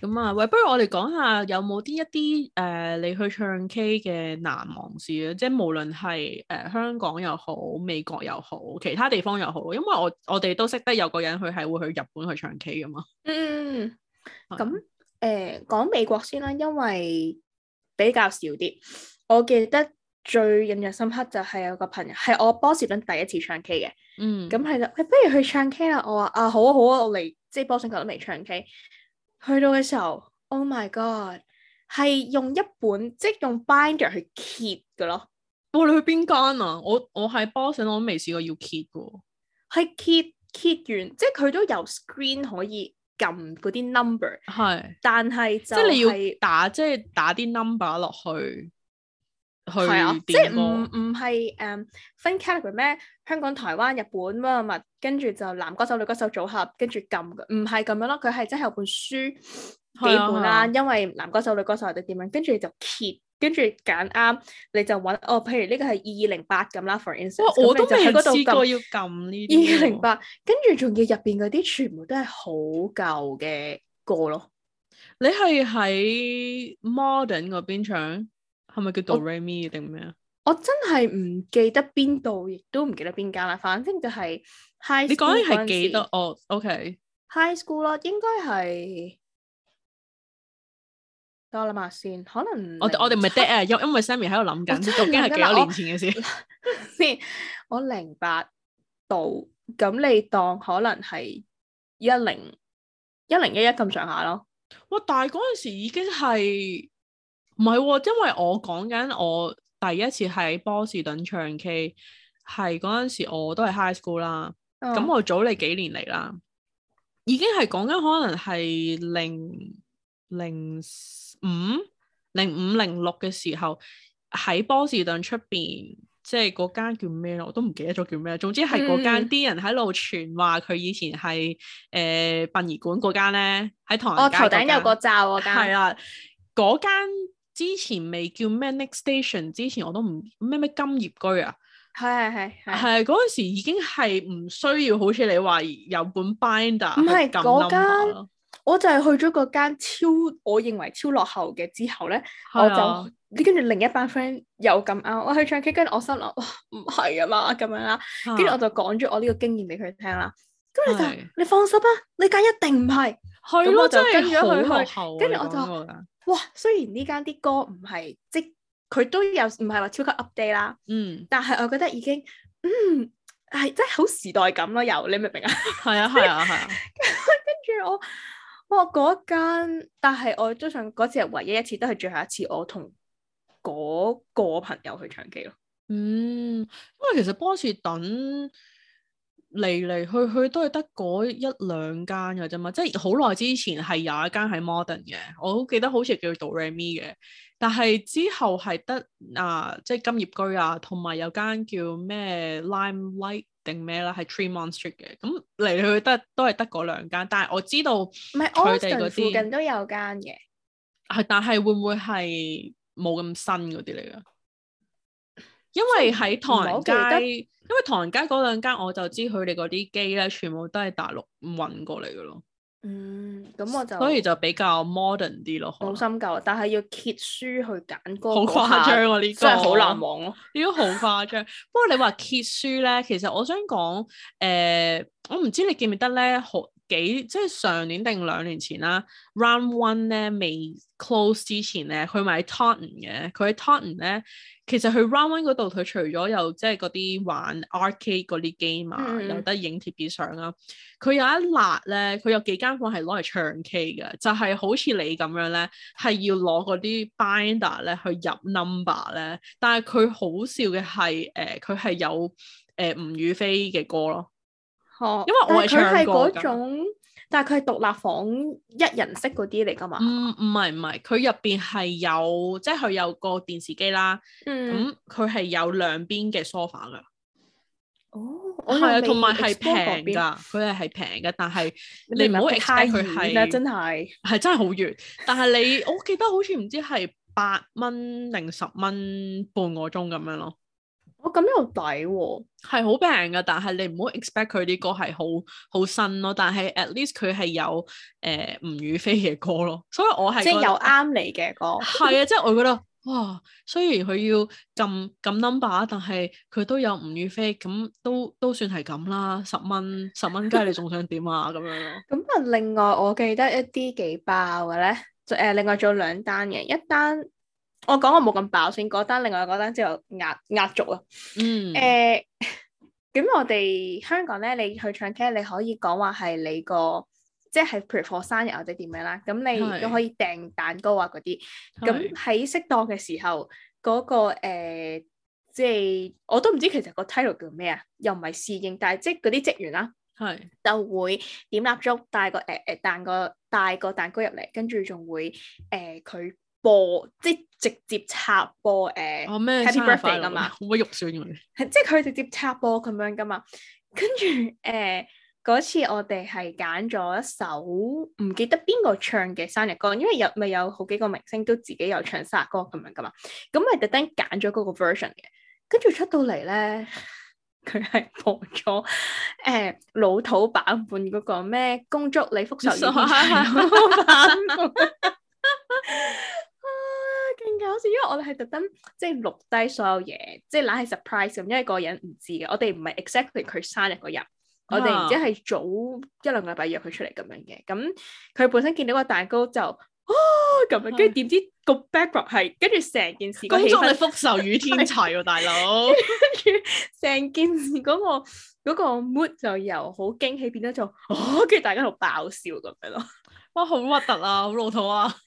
咁啊、哎，喂，不如我哋講下有冇啲一啲誒、呃、你去唱 K 嘅難忘事啊？即係無論係誒、呃、香港又好，美國又好，其他地方又好，因為我我哋都識得有個人佢係會去日本去唱 K 㗎嘛。嗯，咁、嗯。嗯嗯誒，講、欸、美國先啦，因為比較少啲。我記得最印象深刻就係有個朋友係我波士頓第一次唱 K 嘅。嗯。咁係佢不如去唱 K 啦。我話啊，好啊好啊，我嚟，即係波士頓都未唱 K。去到嘅時候，Oh my God，係用一本即係用 Binder 去揭嘅咯。哇、哦！你去邊間啊？我我喺波士頓我都未試過要 keep 揭嘅。係揭揭完，即係佢都有 screen 可以。撳嗰啲 number，係，的但係就是、即係你要打，即、就、係、是、打啲 number 落去，去，即係唔唔係，嗯、就是，um, 分 category 咩？香港、台灣、日本乜乜，跟住就男歌手、女歌手組合，跟住撳，唔係咁樣咯，佢係真係有本書幾本啦、啊，因為男歌手、女歌手或者點樣，跟住就揭。跟住揀啱，你就搵哦。譬如呢個係二二零八咁啦，for instance。哇，我都未試過要撳呢。二二零八，跟住仲要入邊嗰啲全部都係好舊嘅歌咯。你係喺 modern 嗰邊唱，係咪叫 Doremi 定咩啊？我真係唔記得邊度，亦都唔記得邊間啦。反正就係 high。你講嘅係幾多哦，OK。High school 囉，應該係。多諗嘛先，可能我我哋唔係 dead 啊，因因為 Sammy 喺度諗緊，究竟係幾多年前嘅事。先，我零八度，咁你當可能係一零一零一一咁上下咯。哇！但係嗰陣時已經係唔係？因為我講緊我第一次喺波士頓唱 K，係嗰陣時我都係 high school 啦。咁、嗯、我早你幾年嚟啦，已經係講緊可能係零零。零五零五零六嘅時候喺波士頓出邊，即係嗰間叫咩咯？我都唔記得咗叫咩。總之係嗰間啲人喺度傳話，佢以前係誒殯儀館嗰間咧，喺唐人街嗰間，我頭頂有個罩嗰間。係啦，嗰間、啊、之前未叫 Manic Station，之前我都唔咩咩金業居啊。係係係係。係嗰陣時已經係唔需要，好似你話有本 Binder。唔係嗰間。我就係去咗嗰間，超我認為超落後嘅。之後咧，我就跟住另一班 friend 又咁啱，我去唱 K，跟住我心諗，哇唔係啊嘛咁樣啦，跟住我就講咗我呢個經驗俾佢聽啦。咁你就你放心啦，呢間一定唔係，係咯，真係好落後。跟住我就，話哇，雖然呢間啲歌唔係即佢都有唔係話超級 update 啦，嗯，但係我覺得已經，嗯係即係好時代感咯，又，你明唔明啊？係啊係啊係啊，跟住我。不過嗰、哦、間，但係我都想嗰次係唯一一次，都係最後一次我同嗰個朋友去唱 K 咯。嗯，因為其實波士頓嚟嚟去去都係得嗰一兩間嘅啫嘛，即係好耐之前係有一間喺 modern 嘅，我好記得好似叫杜瑞咪嘅。但係之後係得啊，即係金葉居啊，同埋有間叫咩 Lime Light 定咩啦，係 Tremont Street 嘅。咁嚟嚟去去得都係得嗰兩間。但係我知道唔係佢哋嗰啲附近都有間嘅。係、啊，但係會唔會係冇咁新嗰啲嚟啊？因為喺唐人街，因為唐人街嗰兩間，我就知佢哋嗰啲機咧，全部都係大陸運過嚟噶咯。嗯，咁我就所以就比較 modern 啲咯，好深究，但係要揭書去揀歌，好誇張啊！呢、這個真係好難忘咯、啊，呢 個好誇張。不過你話揭書咧，其實我想講，誒、呃，我唔知你記唔記得咧，好。幾即係上年定兩年前啦，Round One 咧未 close 之前咧，佢咪喺 Totton 嘅。佢喺 Totton 咧，其實去 Round One 嗰度，佢除咗有即係嗰啲玩 arcade 嗰啲 game 啊，有得影貼紙相啊。佢有一辣咧，佢有幾間房係攞嚟唱 K 嘅，就係、是、好似你咁樣咧，係要攞嗰啲 Binder 咧去入 number 咧。但係佢好笑嘅係，誒佢係有誒、呃、吳雨霏嘅歌咯。因為我佢係嗰種，但係佢係獨立房一人式嗰啲嚟㗎嘛。唔唔係唔係，佢入邊係有，即係佢有個電視機啦。咁佢係有兩邊嘅 sofa 㗎。哦。係啊是，同埋係平㗎，佢係係平嘅，但係你唔好 expect 佢係真係係真係好遠。但係你 我記得好似唔知係八蚊定十蚊半個鐘咁樣咯。我咁，哦，又抵喎，啊，係好平噶，但係你唔好 expect 佢啲歌係好好新咯。但係 at least 佢係有誒吳雨霏嘅歌咯，所以我係即係有啱你嘅歌係啊！的 即係我覺得哇，雖然佢要咁撳 number，但係佢都有吳雨霏咁都都算係咁啦。十蚊十蚊雞，你仲想點啊？咁 樣咯。咁啊，另外我記得一啲幾爆嘅咧，就誒，另外做兩單嘅，一單。我講我冇咁飽先，嗰單，另外嗰單之後壓壓軸啊。嗯。誒，咁我哋香港咧，你去唱 K 你可以講話係你個，即係譬如 e p a 生日或者點樣啦。咁你都可以訂蛋糕啊嗰啲。咁喺是適當嘅時候，嗰、那個、uh, 即係我都唔知其實個 title 叫咩啊，又唔係侍應，但係即係嗰啲職員啦，係就會點蠟燭，帶個誒誒，帶、uh, 個、uh, 帶個蛋糕入嚟，跟住仲會誒佢、uh, 播即直接插播誒、呃、麼 Happy Birthday 㗎嘛，好鬼肉酸嘅。即係佢直接插播咁樣噶嘛，跟住誒嗰次我哋係揀咗一首唔記得邊個唱嘅生日歌，因為有咪有，有好幾個明星都自己有唱生日歌咁樣噶嘛，咁咪特登揀咗嗰個 version 嘅，跟住出到嚟咧，佢係播咗誒老土版本嗰個咩？恭祝你福壽 好似因為我哋係特登即係錄低所有嘢，即係懶係 surprise，咁，因為個人唔知嘅。我哋唔係 exactly 佢生日嗰日，啊、我哋然之後係早一兩個禮拜約佢出嚟咁樣嘅。咁佢本身見到個蛋糕就哦，咁樣，跟住點知個 background 係跟住成件事氣氛，你福壽與天齊、啊、大佬，跟住成件事、嗰個嗰、嗰個 mood 就由好驚喜變咗做哦，跟住大家好爆笑咁樣咯。哇，好核突啊，好老土啊！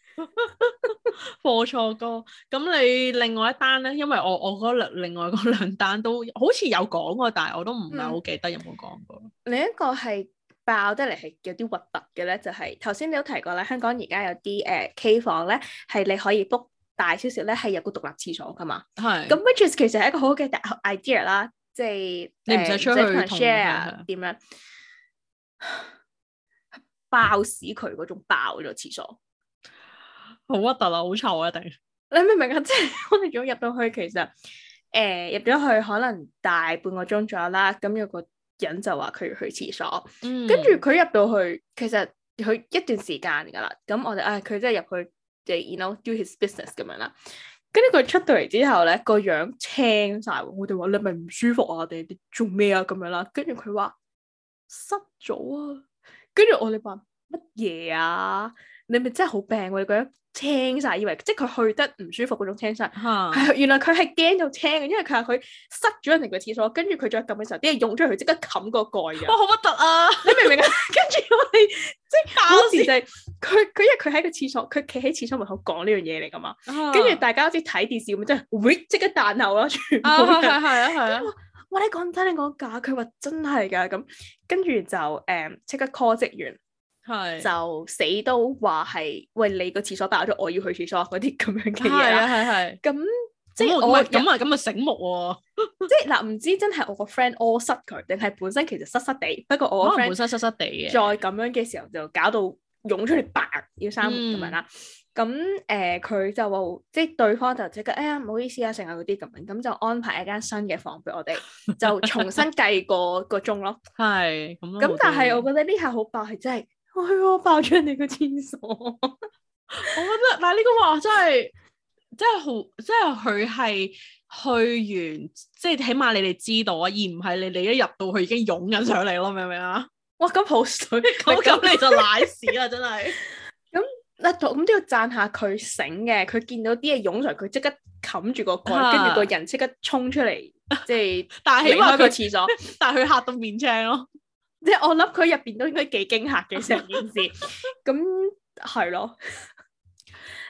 貨錯歌，咁 你另外一單咧，因為我我嗰、那、兩、個、另外嗰兩單都好似有講過，但係我都唔係好記得有冇講過、嗯。另一個係爆得嚟係有啲核突嘅咧，就係頭先你都提過咧，香港而家有啲誒、呃、K 房咧，係你可以 book 大少少咧，係有個獨立廁所噶嘛。係。咁 which is 其實係一個好好嘅 idea 啦，即、就、係、是、你唔使出去 share 點樣爆屎佢嗰種爆咗廁所。好核突啊！好臭啊！一定你明唔明啊？即 係我哋早入到去，其實誒入咗去可能大半個鐘左右啦。咁有個人就話佢要去廁所，跟住佢入到去，其實佢一段時間噶啦。咁我哋唉，佢真係入去嘅，然後 you know, do his business 咁樣啦。跟住佢出到嚟之後咧，個樣青晒，我哋話你係咪唔舒服啊？定你做咩啊？咁樣啦。跟住佢話塞咗啊！跟住我哋話乜嘢啊？你咪真係好病喎！你覺得聽晒，以為即係佢去得唔舒服嗰種聽晒，原來佢係驚到聽嘅，因為佢話佢塞咗人哋個廁所，跟住佢再撳嘅時候啲人用咗佢，即刻冚個蓋嘅。哇！好核突啊！你明唔明啊？跟住我哋即係嗰時就係佢佢因為佢喺個廁所，佢企喺廁所門口講呢樣嘢嚟噶嘛，跟住大家好似睇電視咁，即係即刻彈喉啦，全部人。係啊係啊！我你講真你講假？佢話真係㗎，咁跟住就誒即刻 call 職員。係就死都話係，喂，你個廁所爆咗，我要去廁所嗰啲咁樣嘅嘢，係係咁，即係我咁啊咁啊醒目喎！即係嗱，唔、 啊、知真係我個 friend 屙塞佢，定係本身其實塞塞地？不過我個 friend 本濕塞地嘅。再咁樣嘅時候，就搞到湧出嚟白要三咁樣啦。咁誒、嗯，佢、呃、就即係對方就即刻，哎呀唔好意思啊，成日嗰啲咁樣，咁就安排一間新嘅房俾我哋， 就重新計個個鐘咯。係咁。咁但係我覺得呢下好爆，係真係。係喎、哎，爆出你個廁所， 我覺得，嗱，呢個話真係真係好，即係佢係去完，即係起碼你哋知道啊，而唔係你哋一入到去已經湧緊上嚟咯，明唔明啊？哇，咁好水，咁咁 你就瀨屎啦，真係。咁嗱， 咁都要讚下佢醒嘅，佢見到啲嘢湧上，佢即刻冚住個蓋，跟住個人即刻衝出嚟，即係。但係起碼去個廁所，但係佢嚇到面青咯。 即係我諗佢入邊都應該幾驚嚇嘅成件事，咁係咯。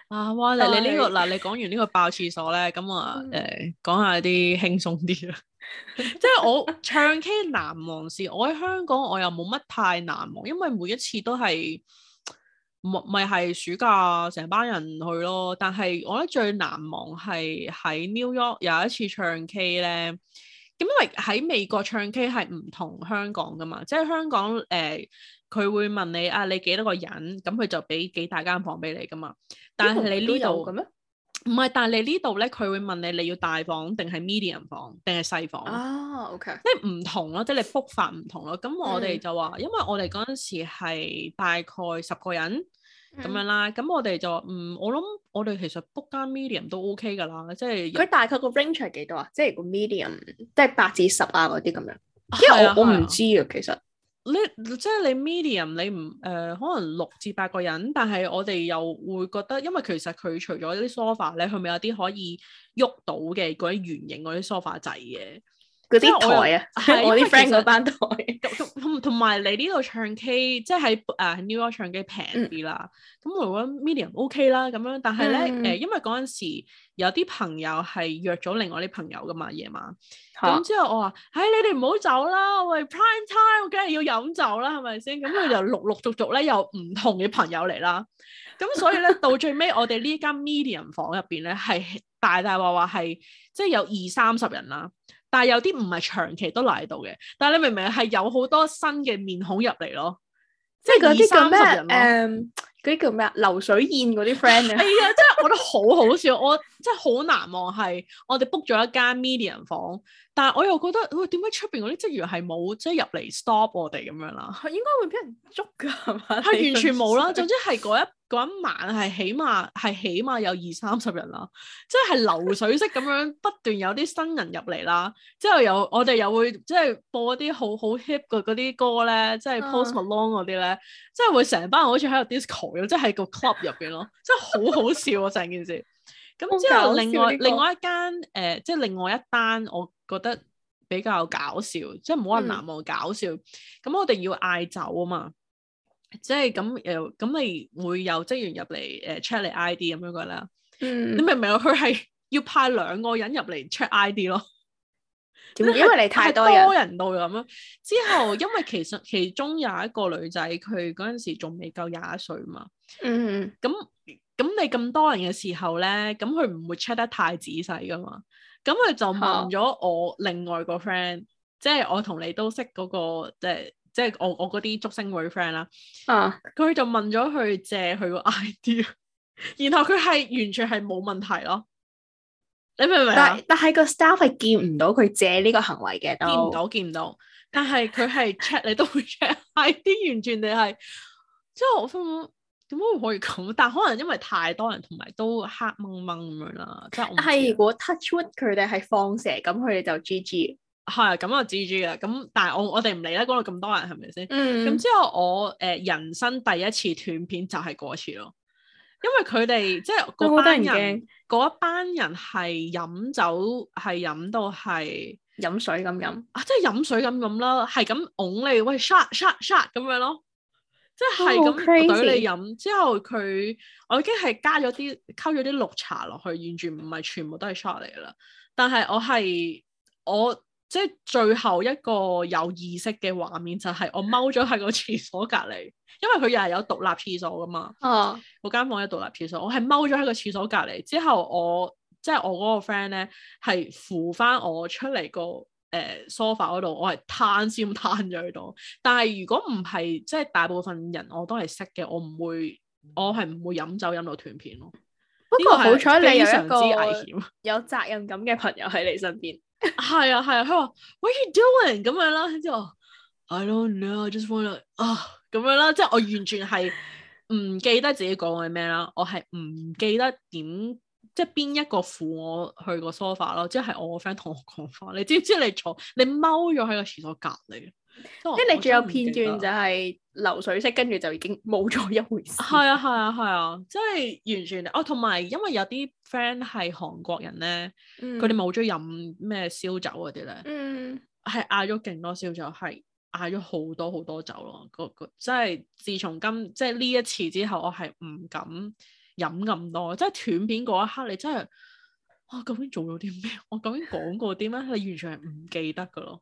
啊，哇！你 你呢個嗱，你講完呢個爆廁所咧，咁啊，誒、嗯，講下啲輕鬆啲啊。 即係我唱 K 難忘事，我喺香港我又冇乜太難忘，因為每一次都係咪係暑假成班人去咯。但係我覺得最難忘係喺 New York 有一次唱 K 咧。咁因為喺美國唱 K 係唔同香港噶嘛，即係香港誒，佢、呃、會問你啊，你幾多個人，咁佢就俾幾大間房俾你噶嘛。但係你呢度，唔係、欸，但係你呢度咧，佢會問你你要大房定係 medium 房定係細房啊？OK，即係唔同咯，即係你 book 法唔同咯。咁我哋就話，嗯、因為我哋嗰陣時係大概十個人。咁樣啦，咁我哋就唔、嗯，我諗我哋其實 book 間 medium 都 OK 㗎啦，即係佢大概個 range 係幾多啊？即係個 medium，即係八至十啊嗰啲咁樣，因為我我唔知啊其實。你即係你 medium，你唔誒、呃、可能六至八個人，但係我哋又會覺得，因為其實佢除咗啲 sofa 咧，佢咪有啲可以喐到嘅嗰啲圓形嗰啲 sofa 仔嘅。嗰啲台啊，係我啲 friend 嗰班台，同埋嚟呢度唱 K，即係喺啊 New York 唱 K 平啲啦。咁如果、嗯、Medium OK 啦，咁樣，但係咧，誒、嗯，因為嗰陣時有啲朋友係約咗另外啲朋友噶嘛，夜晚。咁、嗯、之後我話，唉、哎，你哋唔好走啦，喂，Prime Time 梗係要飲酒啦，係咪先？咁佢、嗯、就陸陸續續咧，有唔同嘅朋友嚟啦。咁 所以咧，到最尾我哋呢間 Medium 房入邊咧，係大大話話係，即係有二三十人啦。但係有啲唔係長期都賴到嘅，但係你明明係有好多新嘅面孔入嚟咯，即係二三十人嗰啲叫咩啊？流水宴嗰啲 friend 啊，係啊，真係我覺得好好笑，我真係好難忘係我哋 book 咗一間 medium 房，但係我又覺得，喂、哎，點解出邊嗰啲職員係冇即係入嚟 stop 我哋咁樣啦？應該會俾人捉㗎係嘛？係完全冇啦， 總之係嗰一。嗰一晚係起碼係起碼有二三十人啦，即係流水式咁樣 不斷有啲新人入嚟啦。之後又我哋又會即係播啲好好 hip 嘅嗰啲歌咧，即係 post along 嗰啲咧，即係會成班人好似喺度 disco 咁，即係個 club 入邊咯，即係 好好笑啊成件事。咁之後另外 另外一間誒，即係 另外一單，呃、一我覺得比較搞笑，即係冇人難忘搞笑。咁 我哋要嗌走啊嘛～即係咁又咁，你會有職員入嚟誒 check 你 ID 咁樣噶啦。嗯、你明唔明？佢係要派兩個人入嚟 check ID 咯。因為你太多人到咁樣。之後 因為其實其中有一個女仔，佢嗰陣時仲未夠廿一歲嘛。嗯哼。咁咁你咁多人嘅時候咧，咁佢唔會 check 得太仔細噶嘛。咁佢就問咗我另外個 friend，、啊、即係我同你都識嗰、嗰個即係。即係即係我我嗰啲祝星位 friend 啦，佢、啊、就問咗佢借佢個 ID，然後佢係完全係冇問題咯，你明唔明啊？但係個 staff 係見唔到佢借呢個行為嘅都，見唔到見唔到。但係佢係 check 你都會 check ID，完全你係，即係我心諗點解會可以咁？但係可能因為太多人同埋都黑掹掹咁樣啦，即係。但係如果 touch wood 佢哋係放蛇咁，佢哋就 GG。係咁啊蜘蛛啊！咁但係我我哋唔理啦，嗰度咁多人係咪先？咁、mm. jam 嗯、之後我誒人生第一次斷片就係嗰次咯，因為佢哋即係嗰班人嗰一班人係飲酒係飲到係飲水咁飲啊！即係飲水咁飲啦，係咁㧬你喂 shot shot shot 咁樣咯，即係咁懟你飲之後，佢我已經係加咗啲溝咗啲綠茶落去，完全唔係全部都係 shot 嚟噶啦。但係我係我。我即係最後一個有意識嘅畫面就係我踎咗喺個廁所隔籬，因為佢又係有獨立廁所㗎嘛。嗰間、啊、房有獨立廁所，我係踎咗喺個廁所隔籬。之後我即係、就是、我嗰個 friend 咧係扶翻我出嚟個誒梳化嗰度，我係攤先攤咗喺度。但係如果唔係，即、就、係、是、大部分人我都係識嘅，我唔會，我係唔會飲酒飲到斷片咯。非常之危險。不過好彩你有個有責任感嘅朋友喺你身邊。係啊，係啊，佢話 What are you doing 咁樣啦，之後 I don't know, I just wanna 啊、uh、咁樣啦，即係 我完全係唔記得自己講嘅咩啦，我係唔記得點，即係邊一個扶我去個 sofa 咯，即係我個 friend 同我講翻，你知唔知你坐你踎咗喺個廁所隔籬？即係你仲有片段就係流水式，跟住就已經冇咗一回事。係啊係啊係啊，即係完全啊，哦、同埋因為有啲 friend 係韓國人咧，佢哋冇中意飲咩燒酒嗰啲咧，係嗌咗勁多燒酒，係嗌咗好多好多酒咯。嗰個、嗰個即係自從今即係呢一次之後，我係唔敢飲咁多。即係斷片嗰一刻，你真係哇，究竟做咗啲咩？我究竟講過啲咩？你完全係唔記得噶咯。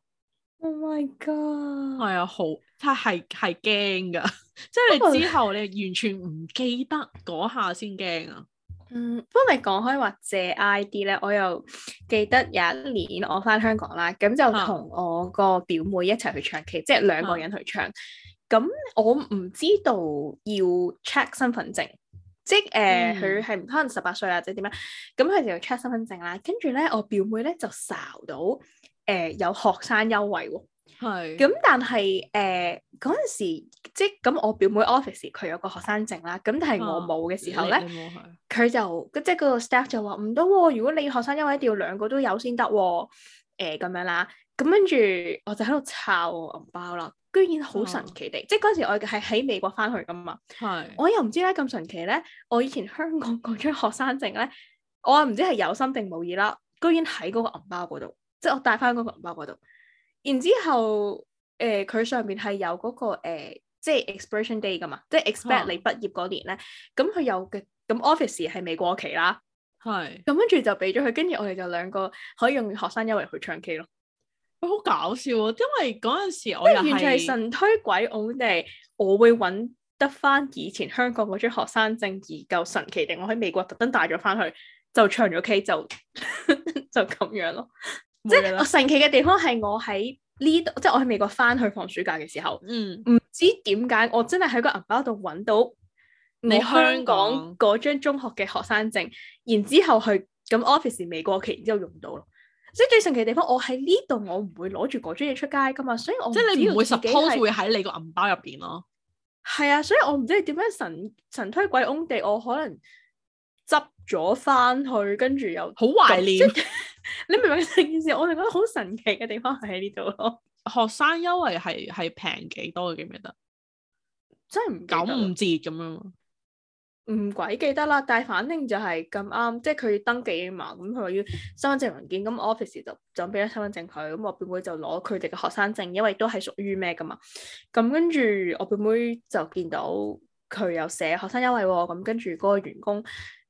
Oh my god！係啊，好， 即係係驚噶，即係之後你完全唔記得嗰下先驚啊。嗯，不過咪講開話借 I D 咧，我又記得有一年我翻香港啦，咁就同我個表妹一齊去唱 K，、啊、即係兩個人去唱。咁、啊、我唔知道要 check 身份證，嗯、即係誒，佢、呃、係唔可能十八歲啊，或者點樣，咁佢就要 check 身份證啦。跟住咧，我表妹咧就睄到。誒、呃、有學生優惠喎、哦，咁是、嗯、但係誒嗰陣時，即係咁我表妹 office 佢有個學生證啦，咁但係我冇嘅時候咧，佢、啊、就即係嗰、那個 staff 就話唔得喎，如果你學生優惠一定要兩個都有先得喎，誒、呃、咁樣啦。咁跟住我就喺度摷個銀包啦，居然好神奇地，啊、即係嗰陣時我係喺美國翻去噶嘛，係是。我又唔知咧咁神奇咧，我以前香港嗰張學生證咧，我又唔知係有心定冇意啦，居然喺嗰個銀包嗰度。即係我帶翻嗰個包嗰度，然之後誒，佢、呃、上面係有嗰、嗰個誒、呃，即係 expiration day 噶嘛，即係 expect 你畢業嗰年咧，咁佢、啊、有嘅，咁 office 係未過期啦，係是，咁跟住就俾咗佢，跟住我哋就兩個可以用學生優惠去唱 K 咯，我好搞笑，啊！因為嗰陣時我完全係神推鬼拱地，我會搵得翻以前香港嗰張學生證，而夠神奇定我喺美國特登帶咗翻去，就唱咗 K 就就咁 樣咯。即係神奇嘅地方係我喺呢度，即係我喺美國翻去放暑假嘅時候，唔、嗯、知點解我真係喺個銀包度搵到你香港嗰張中學嘅學生證，然後之後去咁 office 未過期，然之後用到咯。即係最神奇嘅地方，我喺呢度我唔會攞住嗰張嘢出街噶嘛，所以我即係你唔會十 e t p 會喺你個銀包入邊咯。係啊，所以我唔知點樣神神推鬼拱地，我可能執咗翻去，跟住又好懷念。是 你明唔明？成件事，我哋覺得好神奇嘅地方係喺呢度咯。 學生優惠係係平幾多記唔記得？真係唔九五折咁樣嘛？唔鬼記得啦，但係反正就係咁啱，即係佢登記啊嘛，咁佢話要身份證文件，咁 office 就準備咗身份證佢，咁我表妹，妹就攞佢哋嘅學生證，因為都係屬於咩噶嘛。咁跟住我表妹，妹就見到佢有寫學生優惠，咁跟住嗰個員工。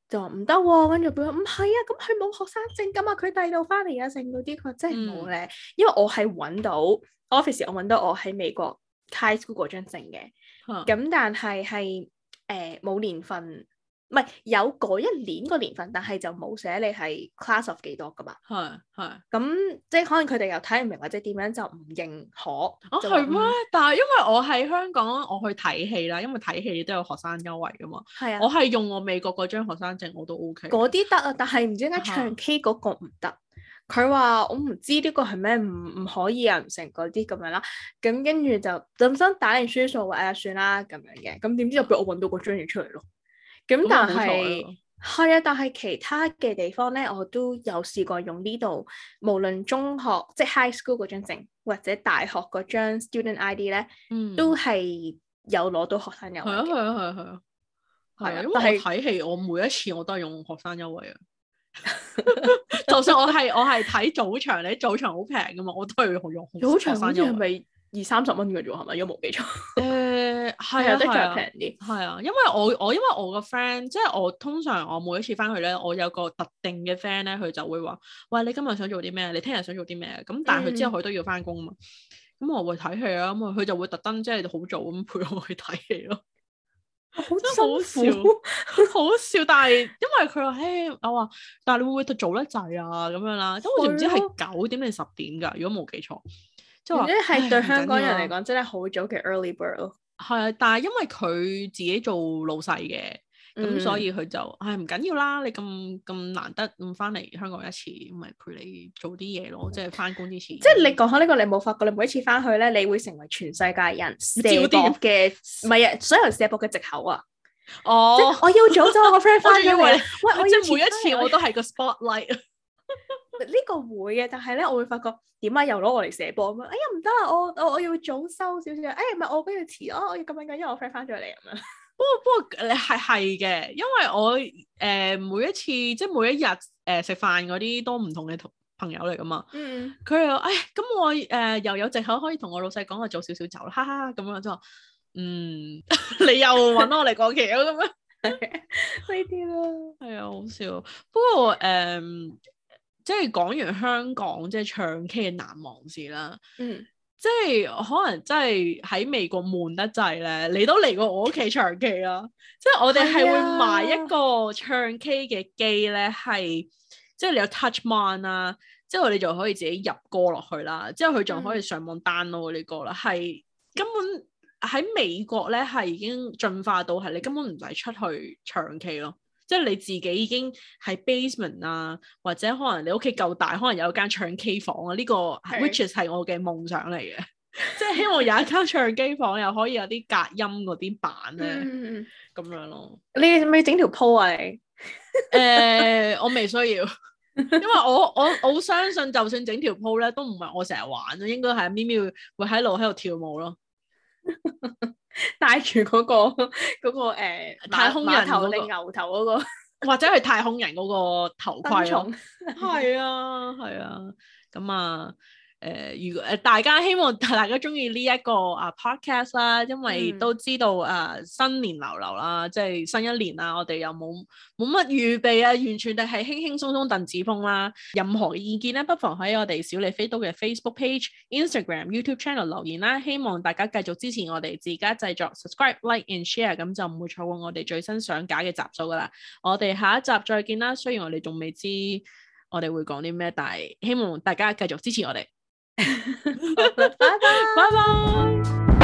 就唔得喎，跟住佢話唔係啊，咁佢冇學生證噶嘛，佢第度翻嚟啊，證嗰啲佢真係冇咧，嗯、因為我係揾到 office，我揾到我喺美國 high school 嗰張證嘅，咁、嗯、但係係誒冇年份。唔係有嗰一年個年份，但係就冇寫你係 class of 幾多噶嘛？係係咁，即係可能佢哋又睇唔明或者點樣就唔認可哦，係咩？ 啊、 但係因為我喺香港，我去睇戲啦，因為睇戲都有學生優惠噶嘛。係啊，我係用我美國嗰張學生證，我都 O、OK、K。嗰啲得啊，但係唔知點解唱 K 嗰個唔得？佢話 我唔知呢個係咩，唔唔可以啊，唔成嗰啲咁樣啦。咁跟住就諗心打定輸數話，哎呀算啦咁樣嘅。咁點知入俾我搵到嗰張嘢出嚟咯。 咁、嗯、但係是係啊,啊，但係其他嘅地方咧，我都有試過用呢度，無論中學即係 high school 嗰張證，或者大學嗰張 student ID 咧，嗯、都係有攞到學生優惠。係啊係啊係啊係啊，係啊！啊啊但係睇戲，我每一次我都係用學生優惠啊。就 算 我係我係睇早場你早場好平噶嘛，我都係用學生優惠。早場好似咪二三十蚊嘅啫，係咪？有冇記錯。 係啊，有啲仲平啲。係啊因，因為我我因為我個 friend，即係我通常我每一次翻去咧，我有個特定嘅 friend 咧，佢就會話：，喂，你今日想做啲咩？你聽日想做啲咩？咁但係佢之後佢都要翻工啊嘛。咁、嗯、我會睇戲啊，咁佢就會特登即係好早咁陪我去睇戲咯。好辛苦，好， 笑，笑，但係因為佢話：，誒， 我話，但係你會唔會早得滯啊？咁樣啦，咁我唔知係九點定十點噶，如果冇記錯，即係話對唉香港人嚟講，真係好早嘅 early bird 咯。係啊，但係因為佢自己做老細嘅，咁、嗯、所以佢就，唉唔緊要啦，你咁咁難得咁翻嚟香港一次，我咪陪你做啲嘢咯，即係翻工之前。即係你講下呢個，你冇發覺你每一次翻去咧，你會成為全世界人射波嘅，唔係啊，所有人射波嘅藉口啊。哦，我要早咗我個 friend 翻嚟， 我為喂，即係每一次我都係個 spotlight。 呢個會嘅，但係咧，我會發覺點解又攞我嚟射波咁樣，哎呀唔得啦！我我我要早收少少，哎唔係我嗰要遲咯，我要咁樣噶，因為我 friend 翻咗嚟咁樣。不過不過你係係嘅，因為我誒每一次即係每一日誒食飯嗰啲都唔同嘅同朋友嚟噶嘛。嗯。佢又哎，咁我誒又有藉口可以同我老細講話早少少走啦，哈哈咁樣之後，嗯，你又揾我嚟講嘢咁樣，呢啲啦。係啊，好笑。不過誒。嗯即係講完香港即係唱 K 嘅難忘事啦，嗯，即係可能真係喺美國悶得滯咧，你都嚟過我屋企唱 K 啦，即係我哋係會買一個唱 K 嘅機咧，係即係你有 touch One 啦，之後你就可以自己入歌落去啦，之後佢仲可以上網 download 嗰啲歌啦，係、嗯、根本喺美國咧係已經進化到係你根本唔使出去唱 K 咯。即係你自己已經喺 basement 啊，或者可能你屋企夠大，可能有間唱 K 房啊。呢個 which is 係我嘅夢想嚟嘅， 即係希望有一間唱 K 房又可以有啲隔音嗰啲板咧，咁、嗯嗯、樣咯。你咪整條鋪啊？誒、呃，我未需要， 因為我我我相信就算整條鋪咧，都唔係我成日玩，應該係咪咪會喺路喺度跳舞咯。戴住嗰個、那個誒、呃，太空人頭定牛頭個，那個、或者係太空人嗰個頭盔咯、喔，係啊係啊，咁啊。嗯啊。誒、呃，如果誒、呃，大家希望大家中意呢一個啊 podcast 啦，因為都知道、嗯、啊新年流流啦，即係新一年啦，我哋又冇冇乜預備啊，完全就係輕輕鬆鬆鄧子峰啦。任何意見咧，不妨喺我哋小李飛刀嘅 Facebook page、Instagram、YouTube channel 留言啦。希望大家繼續支持我哋自家製作，subscribe、like and share，咁就唔會錯過我哋最新上架嘅集數噶啦。我哋下一集再見啦。雖然我哋仲未知我哋會講啲咩，但係希望大家繼續支持我哋。拜拜，拜拜，拜拜。